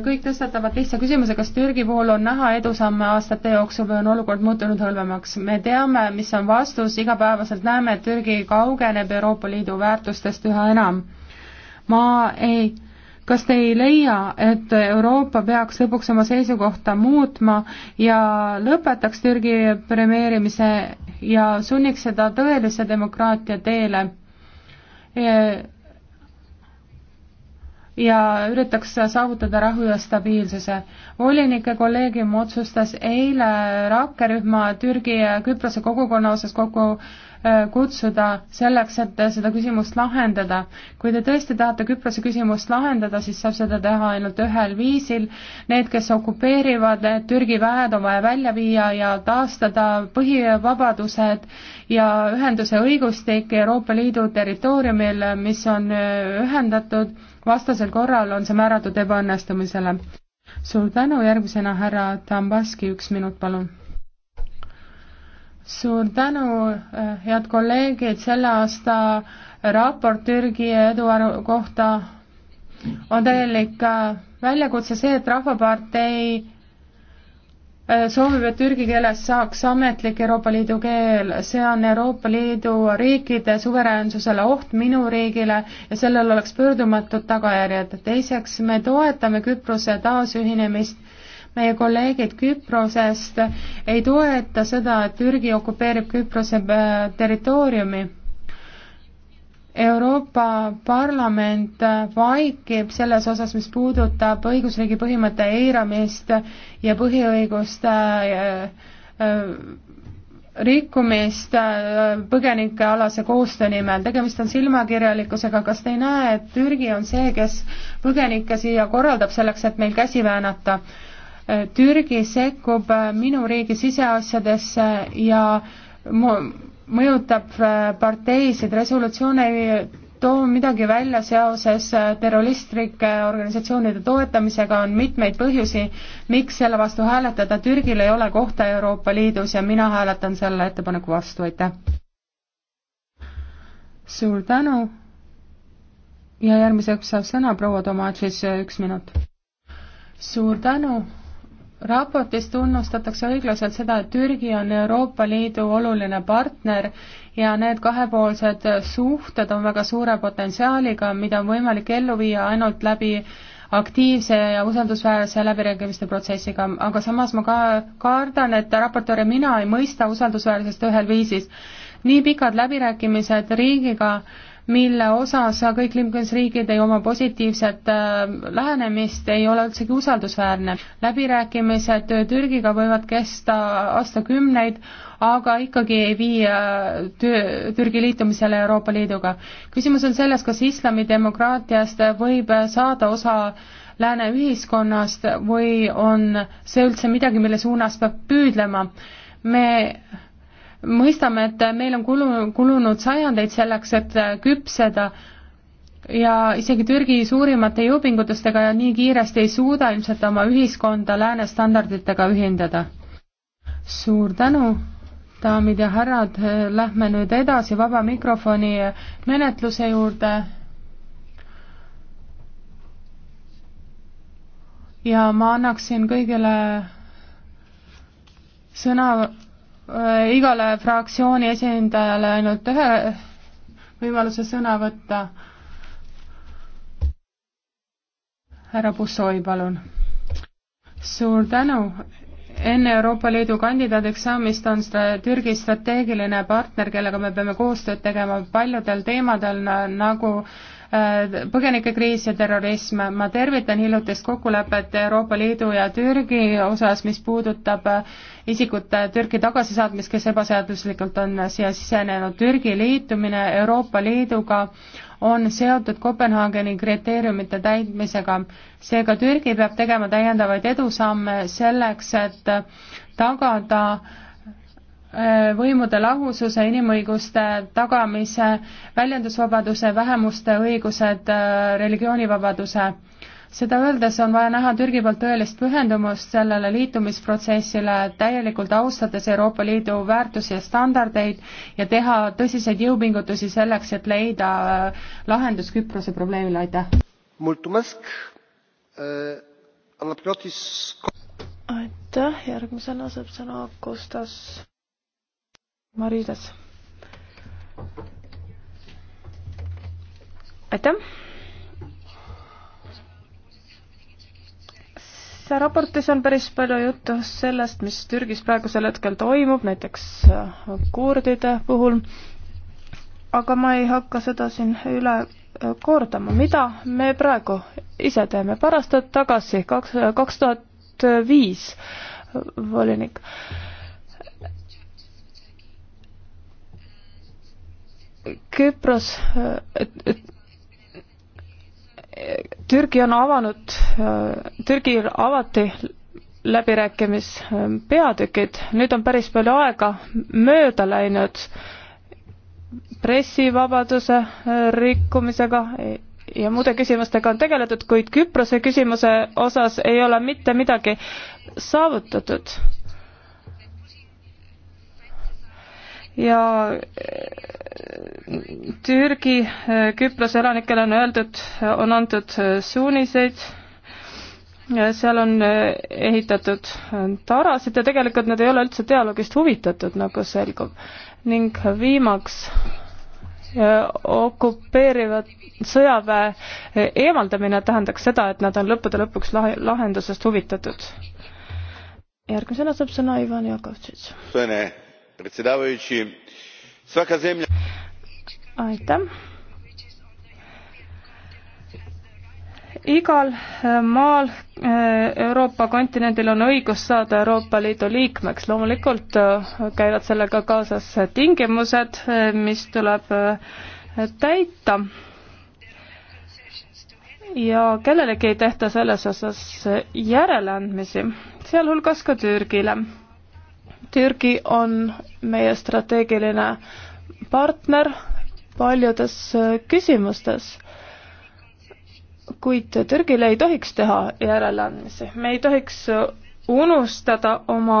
kõik tõstatavad lihtsa küsimuse, kas Türgi puhul on näha edusamme aastate jooksul või on olukord muutunud halvemaks. me teame, mis on vastus, igapäevaselt näeme, et Türgi kaugeneb Euroopa Liidu väärtustest üha enam. ma ei kas te ei leia, et Euroopa peaks lõpuks oma seisukohta muutma ja lõpetaks Türgi premeerimise ja sunniks seda tõelise demokraatia teele ja üritaks saavutada rahu ja stabiilsuse. volinike kolleegium otsustas eile rakkerühma Türgi ja Küprose kogukonna osas kokku Äh, kutsuda selleks, et seda küsimust lahendada. kui te tõesti tahate Küprose küsimust lahendada, siis saab seda teha ainult ühel viisil. Need, kes okupeerivad, need Türgi väed on vaja välja viia ja taastada põhivabadused ja ühenduse õigustik Euroopa Liidu territooriumil, mis on äh, ühendatud, vastasel korral on see määratud ebaõnnestumisele. suur tänu, järgmisena härra Tambaski, üks minut palun suur tänu, eh, head kolleegid, selle aasta raport Türgi eduaru kohta on täielik eh, väljakutse see, et Rahvapartei eh, soovib, et türgi keeles saaks ametlik Euroopa Liidu keel, see on Euroopa Liidu riikide suveräänsusele oht minu riigile ja sellel oleks pöördumatud tagajärjed. teiseks, me toetame Küprose taasühinemist meie kolleegid Küprosest ei toeta seda, et Türgi okupeerib Küprose äh, territooriumi. Euroopa Parlament äh, vaikib selles osas, mis puudutab õigusriigi põhimõtte eiramist ja põhiõiguste äh, rikkumist põgenikealase koostöö nimel, tegemist on silmakirjalikkusega, kas te ei näe, et Türgi on see, kes põgenikke siia korraldab selleks, et meil käsi väänata? Türgi sekkub äh, minu riigi siseasjadesse ja mõjutab äh, parteisid, resolutsioon ei too midagi välja seoses äh, terroristlike organisatsioonide toetamisega, on mitmeid põhjusi, miks selle vastu hääletada, Türgil ei ole kohta Euroopa Liidus ja mina hääletan selle ettepaneku vastu, aitäh. suur tänu ja järgmiseks saab sõna proua Tomatšis, üks minut. suur tänu raportis tunnustatakse õiglaselt seda, et Türgi on Euroopa Liidu oluline partner ja need kahepoolsed suhted on väga suure potentsiaaliga, mida on võimalik ellu viia ainult läbi aktiivse ja usaldusväärse läbirääkimiste protsessiga, aga samas ma ka kardan, et raportöör ja mina ei mõista usaldusväärsust ühel viisis. nii pikad läbirääkimised riigiga äh, mille osas kõik liikmesriigid ei oma positiivset äh, lähenemist, ei ole üldsegi usaldusväärne. läbirääkimised Türgiga võivad kesta aastakümneid, aga ikkagi ei vii äh, tü-, Türgi liitumisele Euroopa Liiduga. küsimus on selles, kas islamidemokraatiast võib saada osa lääne ühiskonnast või on see üldse midagi, mille suunas peab püüdlema. me mõistame, et meil on kulu, kulunud sajandeid selleks, et küpseda ja isegi Türgi suurimate jõupingutustega nii kiiresti ei suuda ilmselt oma ühiskonda lääne standarditega ühendada. suur tänu, daamid ja härrad, lähme nüüd edasi vaba mikrofoni menetluse juurde. ja ma annaksin kõigile sõna Äh, igale fraktsiooni esindajale ainult ühe võimaluse sõna võtta. härra Bussoi, palun. suur tänu. enne Euroopa Liidu kandidaadiks saamist on stra-, Türgi strateegiline partner, kellega me peame koostööd tegema paljudel teemadel, nagu äh, Äh, põgenikekriis ja terrorism. ma tervitan hiljutist kokkulepet Euroopa Liidu ja Türgi osas, mis puudutab äh, isikute äh, Türki tagasisaatmist, kes ebaseaduslikult on siia sisenenud. Türgi liitumine Euroopa Liiduga on seotud Kopenhaageni kriteeriumite täitmisega. seega Türgi peab tegema täiendavaid edusamme selleks, et tagada äh, võimude lahususe, inimõiguste tagamise, väljendusvabaduse, vähemuste õigused, religioonivabaduse. seda öeldes on vaja näha Türgi poolt tõelist pühendumust sellele liitumisprotsessile, täielikult austades Euroopa Liidu väärtusi ja standardeid ja teha tõsiseid jõupingutusi selleks, et leida äh, lahendus Küprose probleemile, aitäh! Äh, aitäh, järgmisena saab sõna Kostas Maridas. aitäh. see raportis on päris palju juttu sellest, mis Türgis praegusel hetkel toimub, näiteks äh, kurdide puhul, aga ma ei hakka seda siin üle äh, kordama, mida me praegu ise teeme, paar aastat tagasi, kaks, äh, kaks tuhat viis volinik äh, Küpros, Türgi on avanud, Türgil avati läbirääkimispeatükid, eh, nüüd on päris palju aega mööda läinud pressivabaduse eh, rikkumisega ja muude küsimustega on tegeletud, kuid Küprose küsimuse osas ei ole mitte midagi saavutatud ja äh, Türgi äh, Küprose elanikele on öeldud, äh, on antud suuniseid, seal on ehitatud tarasid ja tegelikult nad ei ole üldse dialoogist huvitatud, nagu selgub. ning viimaks okupeeriva sõjaväe eemaldamine tähendaks seda, et nad on lõppude lõpuks lah lahendusest huvitatud. järgmisena saab sõna Ivan Jakovtšitš predsjedavajući svaka zemlja. aitäh! igal э, maal э, Euroopa kontinendil on õigus saada Euroopa Liidu liikmeks. loomulikult äh, käivad sellega kaasas tingimused, äh, mis tuleb äh, täita. ja kellelegi ei tehta selles osas järeleandmisi, sealhulgas ka Türgile Türgi on meie strateegiline partner paljudes äh, küsimustes, kuid Türgile ei tohiks teha järeleandmisi, me ei tohiks äh, unustada oma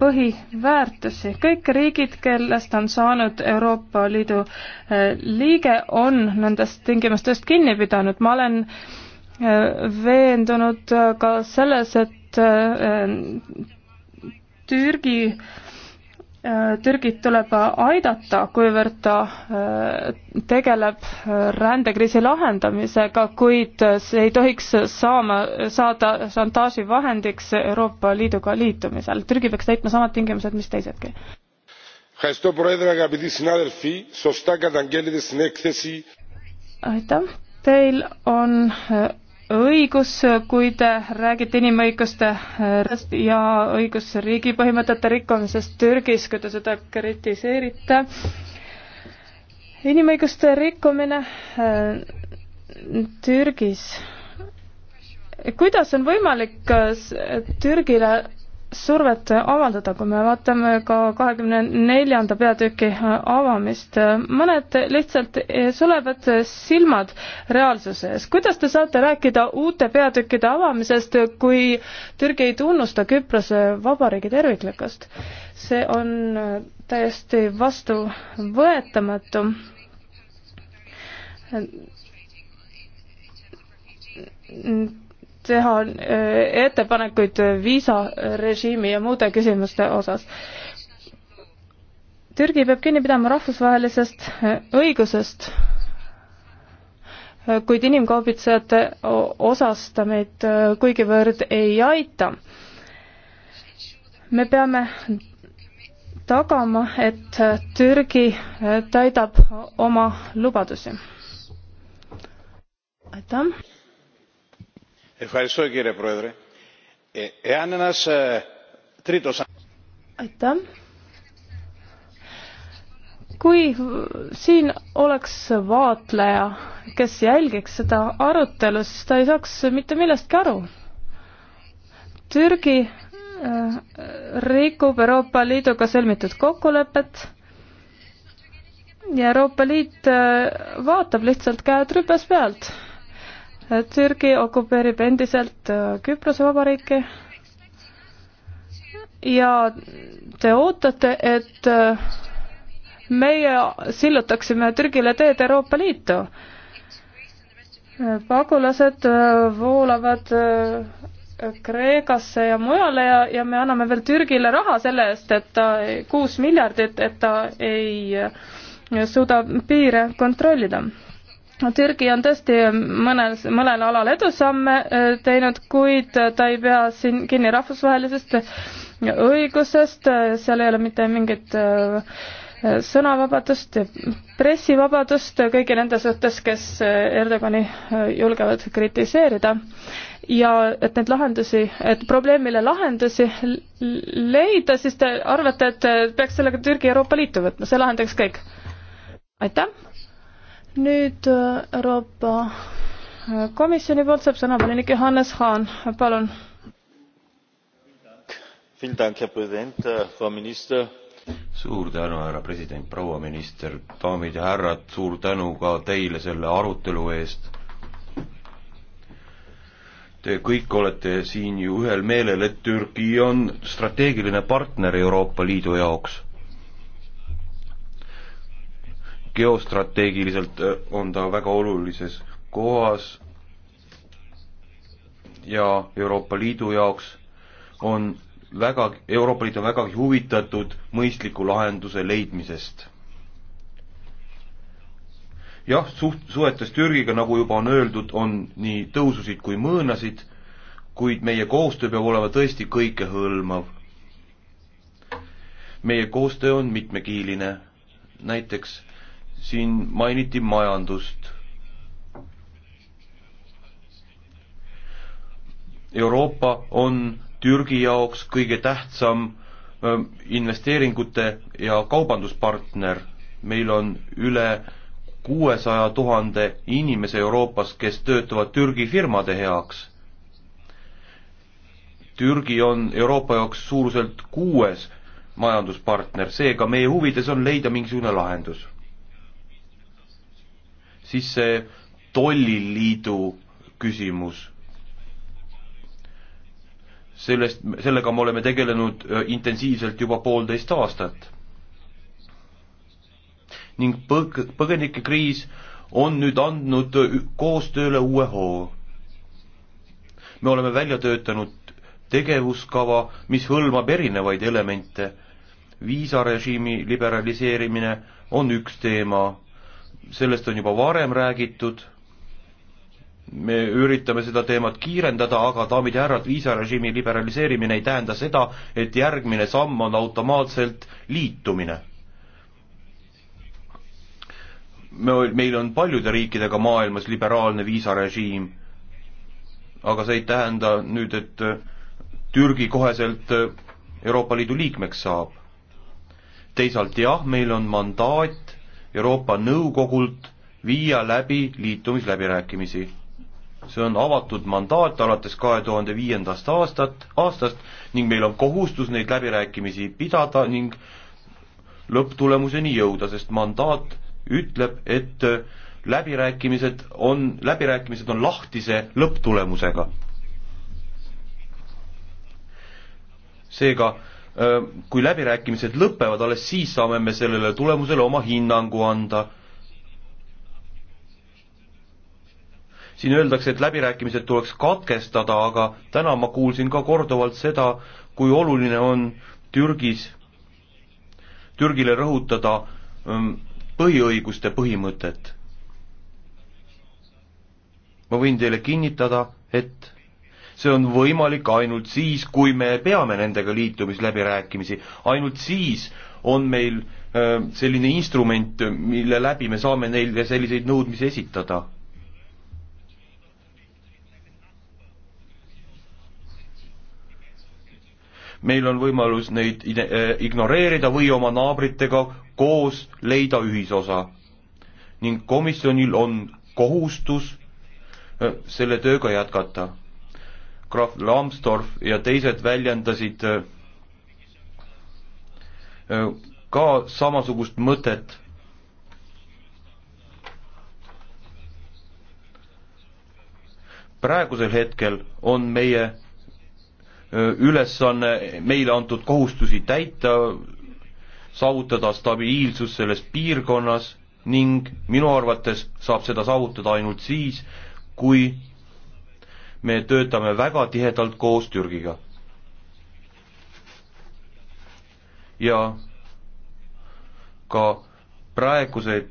põhiväärtusi. kõik riigid, kellest on saanud Euroopa Liidu äh, liige, on nendest tingimustest kinni pidanud. ma olen veendunud ka selles, et Türgi äh, Türgit tuleb aidata, kuivõrd ta äh, tegeleb äh, rändekriisi lahendamisega, kuid see ei tohiks saama, saada šantaaži vahendiks Euroopa Liiduga liitumisel. Türgi peaks täitma samad tingimused, mis teisedki. aitäh, teil on õigus, kui te räägite inimõiguste ja õigusriigi põhimõtete rikkumisest Türgis, kui te seda kritiseerite. inimõiguste rikkumine äh, Türgis. kuidas on võimalik äh, Türgile survet avaldada, kui me vaatame ka kahekümne neljanda peatüki avamist. mõned lihtsalt sulevad silmad reaalsuse ees. kuidas te saate rääkida uute peatükkide avamisest, kui Türgi ei tunnusta Küprose vabariigi terviklikkust? see on täiesti vastuvõetamatu teha äh, ettepanekuid viisarežiimi ja muude küsimuste osas. Türgi peab kinni pidama rahvusvahelisest äh, õigusest, äh, kuid inimkaubitsejate osas ta meid kuigivõrd ei aita. me peame tagama, et Türgi täidab oma lubadusi. aitäh! aitäh! kui siin oleks vaatleja, kes jälgiks seda arutelu, siis ta ei saaks mitte millestki aru. Türgi äh, rikub Euroopa Liiduga sõlmitud kokkulepet ja Euroopa Liit äh, vaatab lihtsalt käed rüpes pealt Türgi okupeerib endiselt äh, Küprose vabariiki ja te ootate, et äh, meie sillutaksime Türgile teed Euroopa Liitu. Äh, pagulased voolavad Kreekasse ja mujale ja, ja me anname veel Türgile raha selle eest, et ta, kuus miljardit, et ta ei suuda piire kontrollida Türgi on tõesti mõnel, mõnel alal edusamme äh, teinud, kuid äh, ta ei pea siin kinni rahvusvahelisest õigusest, äh, seal ei ole mitte mingit sõnavabadust, pressivabadust kõigi nende suhtes, kes Erdogani julgevad kritiseerida. ja et neid lahendusi, et probleemile lahendusi leida, siis te arvate, et peaks sellega Türgi Euroopa Liitu võtma, see lahendaks kõik? aitäh! nüüd äh, Euroopa äh, Komisjoni poolt saab sõna volinik Johannes Hahn, palun. Äh, suur tänu, härra president, proua minister, daamid ja härrad, suur tänu ka teile selle arutelu eest. Te kõik olete siin ju ühel meelel, et Türgi on strateegiline partner Euroopa Liidu jaoks geostrateegiliselt äh, on ta väga olulises kohas ja Euroopa Liidu jaoks on väga, Euroopa Liit on vägagi huvitatud mõistliku lahenduse leidmisest. jah, suht-, suhetes Türgiga, nagu juba on öeldud, on nii tõususid kui mõõnasid, kuid meie koostöö peab olema tõesti kõikehõlmav. meie koostöö on mitmekihiline, näiteks siin mainiti majandust. Euroopa on Türgi jaoks kõige tähtsam investeeringute ja kaubanduspartner. meil on üle kuuesaja tuhande inimese Euroopas, kes töötavad Türgi firmade heaks. Türgi on Euroopa jaoks suuruselt kuues majanduspartner, seega meie huvides on leida mingisugune lahendus siis see tolliliidu küsimus. sellest, sellega me oleme tegelenud äh, intensiivselt juba poolteist aastat. ning põg-, põgenikekriis on nüüd andnud äh, koostööle uue hoo. me oleme välja töötanud tegevuskava, mis hõlmab erinevaid elemente. viisarežiimi liberaliseerimine on üks teema sellest on juba varem räägitud, me üritame seda teemat kiirendada, aga daamid ja härrad, viisarežiimi liberaliseerimine ei tähenda seda, et järgmine samm on automaatselt liitumine. me, meil on paljude riikidega maailmas liberaalne viisarežiim, aga see ei tähenda nüüd, et Türgi koheselt Euroopa Liidu liikmeks saab. teisalt jah, meil on mandaat Euroopa Nõukogult viia läbi liitumisläbirääkimisi. see on avatud mandaat alates kahe tuhande viiendast aastat, aastast ning meil on kohustus neid läbirääkimisi pidada ning lõpptulemuseni jõuda, sest mandaat ütleb, et läbirääkimised on, läbirääkimised on lahtise lõpptulemusega. seega kui läbirääkimised lõpevad, alles siis saame me sellele tulemusele oma hinnangu anda. siin öeldakse, et läbirääkimised tuleks katkestada, aga täna ma kuulsin ka korduvalt seda, kui oluline on Türgis, Türgile rõhutada põhiõiguste põhimõtet. ma võin teile kinnitada, et see on võimalik ainult siis, kui me peame nendega liitumisläbirääkimisi, ainult siis on meil öö, äh, selline instrument, mille läbi me saame neile selliseid nõudmisi esitada. meil on võimalus neid äh, ignoreerida või oma naabritega koos leida ühisosa. ning komisjonil on kohustus öö, äh, selle tööga jätkata Graf Lambsdorff ja teised väljendasid äh, äh, ka samasugust mõtet. praegusel hetkel on meie äh, ülesanne, meile antud kohustusi täita, saavutada stabiilsus selles piirkonnas ning minu arvates saab seda saavutada ainult siis, kui me töötame väga tihedalt koos Türgiga. ja ka praeguseid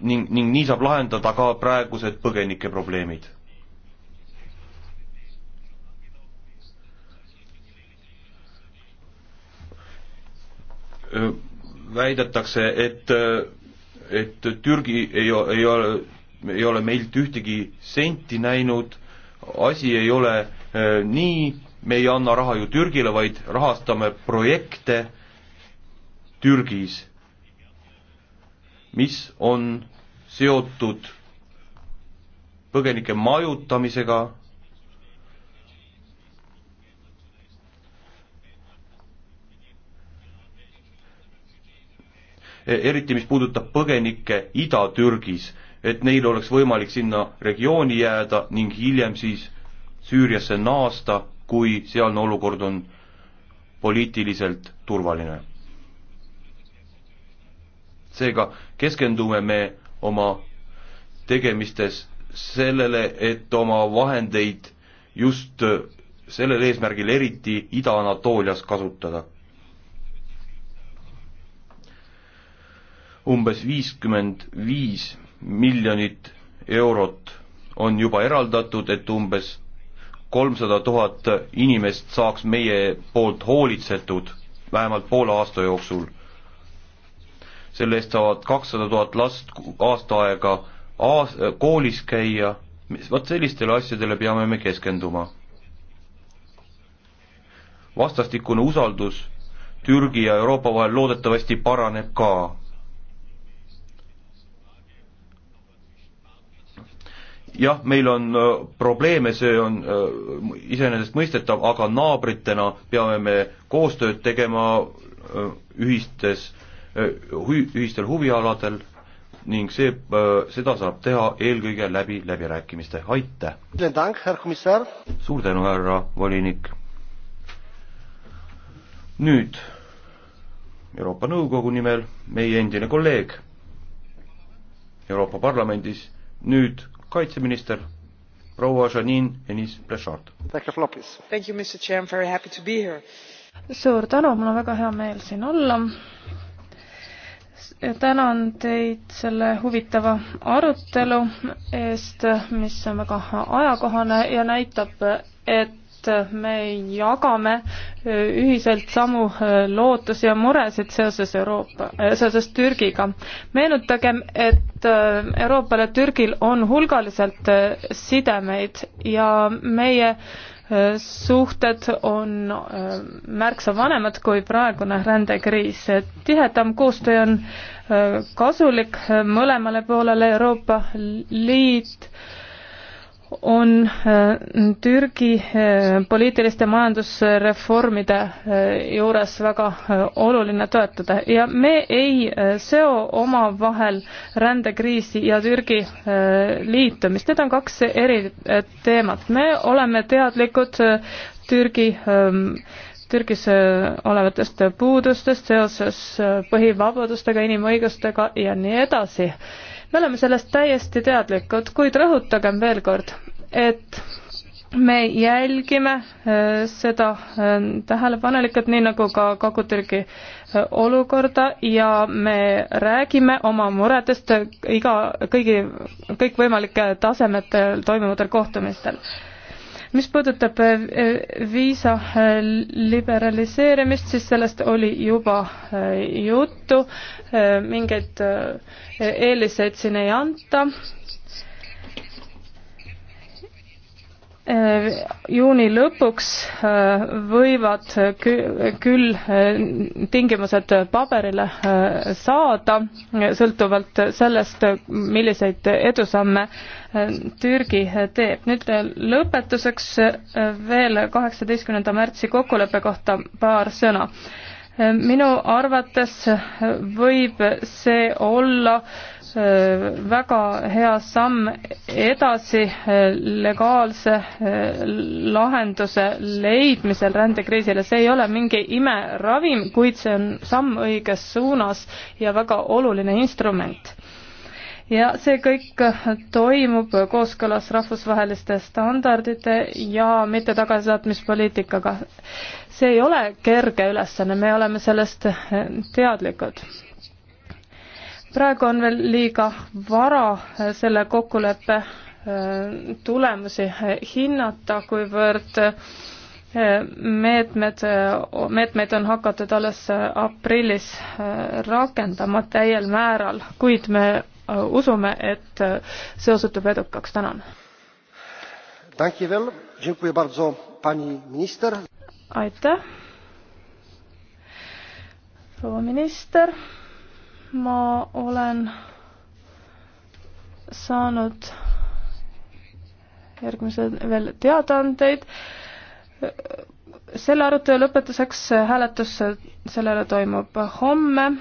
ning, ning nii saab lahendada ka praegused põgenike probleemid. väidetakse, et, et Türgi ei, ei ole ei ole meilt ühtegi senti näinud, asi ei ole äh, nii, me ei anna raha ju Türgile, vaid rahastame projekte Türgis, mis on seotud põgenike majutamisega, e, eriti mis puudutab põgenikke Ida-Türgis et neil oleks võimalik sinna regiooni jääda ning hiljem siis Süüriasse naasta, kui sealne olukord on poliitiliselt turvaline. seega keskendume me oma tegemistes sellele, et oma vahendeid just sellel eesmärgil eriti Ida-Anatoolias kasutada. umbes viiskümmend viis miljonit eurot on juba eraldatud, et umbes kolmsada tuhat inimest saaks meie poolt hoolitsetud vähemalt poole aasta jooksul. selle eest saavad kakssada tuhat last aasta aega aas-, koolis käia, vot sellistele asjadele peame me keskenduma. vastastikune usaldus Türgi ja Euroopa vahel loodetavasti paraneb ka jah, meil on äh, probleeme, see on äh, iseenesestmõistetav, aga naabritena peame me koostööd tegema äh, ühistes, ühistel huvialadel ning see, seda saab teha eelkõige läbi läbirääkimiste, aitäh! suur tänu, härra volinik! nüüd Euroopa Nõukogu nimel meie endine kolleeg Euroopa Parlamendis, nüüd kaitseminister proua Janine Hennis-Plechard. suur tänu, mul on väga hea meel siin olla. tänan teid selle huvitava arutelu eest, mis on väga ajakohane ja näitab, et me jagame e, ühiselt samu e, lootusi ja muresid seoses Euroopa, e, seoses Türgiga. meenutagem, et Euroopal ja Türgil on hulgaliselt sidemeid ja meie suhted on märksa vanemad kui praegune rändekriis. tihedam koostöö on kasulik mõlemale poolele, Euroopa Liit on äh, Türgi äh, poliitiliste majandusreformide äh, juures väga oluline toetada ja me ei seo omavahel rändekriisi ja Türgi liitumist, need on kaks eri teemat. me oleme teadlikud Türgi ähm, Türgis olevatest puudustest seoses põhivabadustega, inimõigustega ja nii edasi me oleme sellest täiesti teadlikud, kuid rõhutagem veel kord, et me jälgime äh, seda äh, tähelepanelikult, nii nagu ka Kagu-Türgi äh, olukorda ja me räägime oma muredest iga, kõigi, kõikvõimalike tasemetel toimuvatel kohtumistel mis puudutab äh, äh, viisa äh, liberaliseerimist, siis sellest oli juba juttu, mingeid eeliseid siin ei anta Äh, juuni lõpuks äh, võivad küll äh, tingimused paberile saada, sõltuvalt sellest, milliseid edusamme Türgi teeb. nüüd lõpetuseks veel kaheksateistkümnenda märtsi kokkuleppe kohta paar sõna. minu arvates võib see olla äh, Äh, väga hea samm edasi äh, legaalse äh, lahenduse leidmisel rändekriisile, see ei ole mingi imeravim, kuid see on samm õiges suunas ja väga oluline instrument. ja see kõik toimub kooskõlas rahvusvaheliste standardite ja mitte tagasisaatmispoliitikaga. see ei ole kerge ülesanne, me oleme sellest teadlikud praegu on veel liiga vara selle kokkuleppe äh, tulemusi hinnata, kuivõrd äh, meetmed, äh, meetmeid on hakatud alles aprillis rakendama täiel määral, kuid me usume, et see osutub edukaks, tänan. aitäh, proua minister ma olen saanud järgmised veel teadaandeid. selle arutelu lõpetuseks hääletus sellele toimub homme.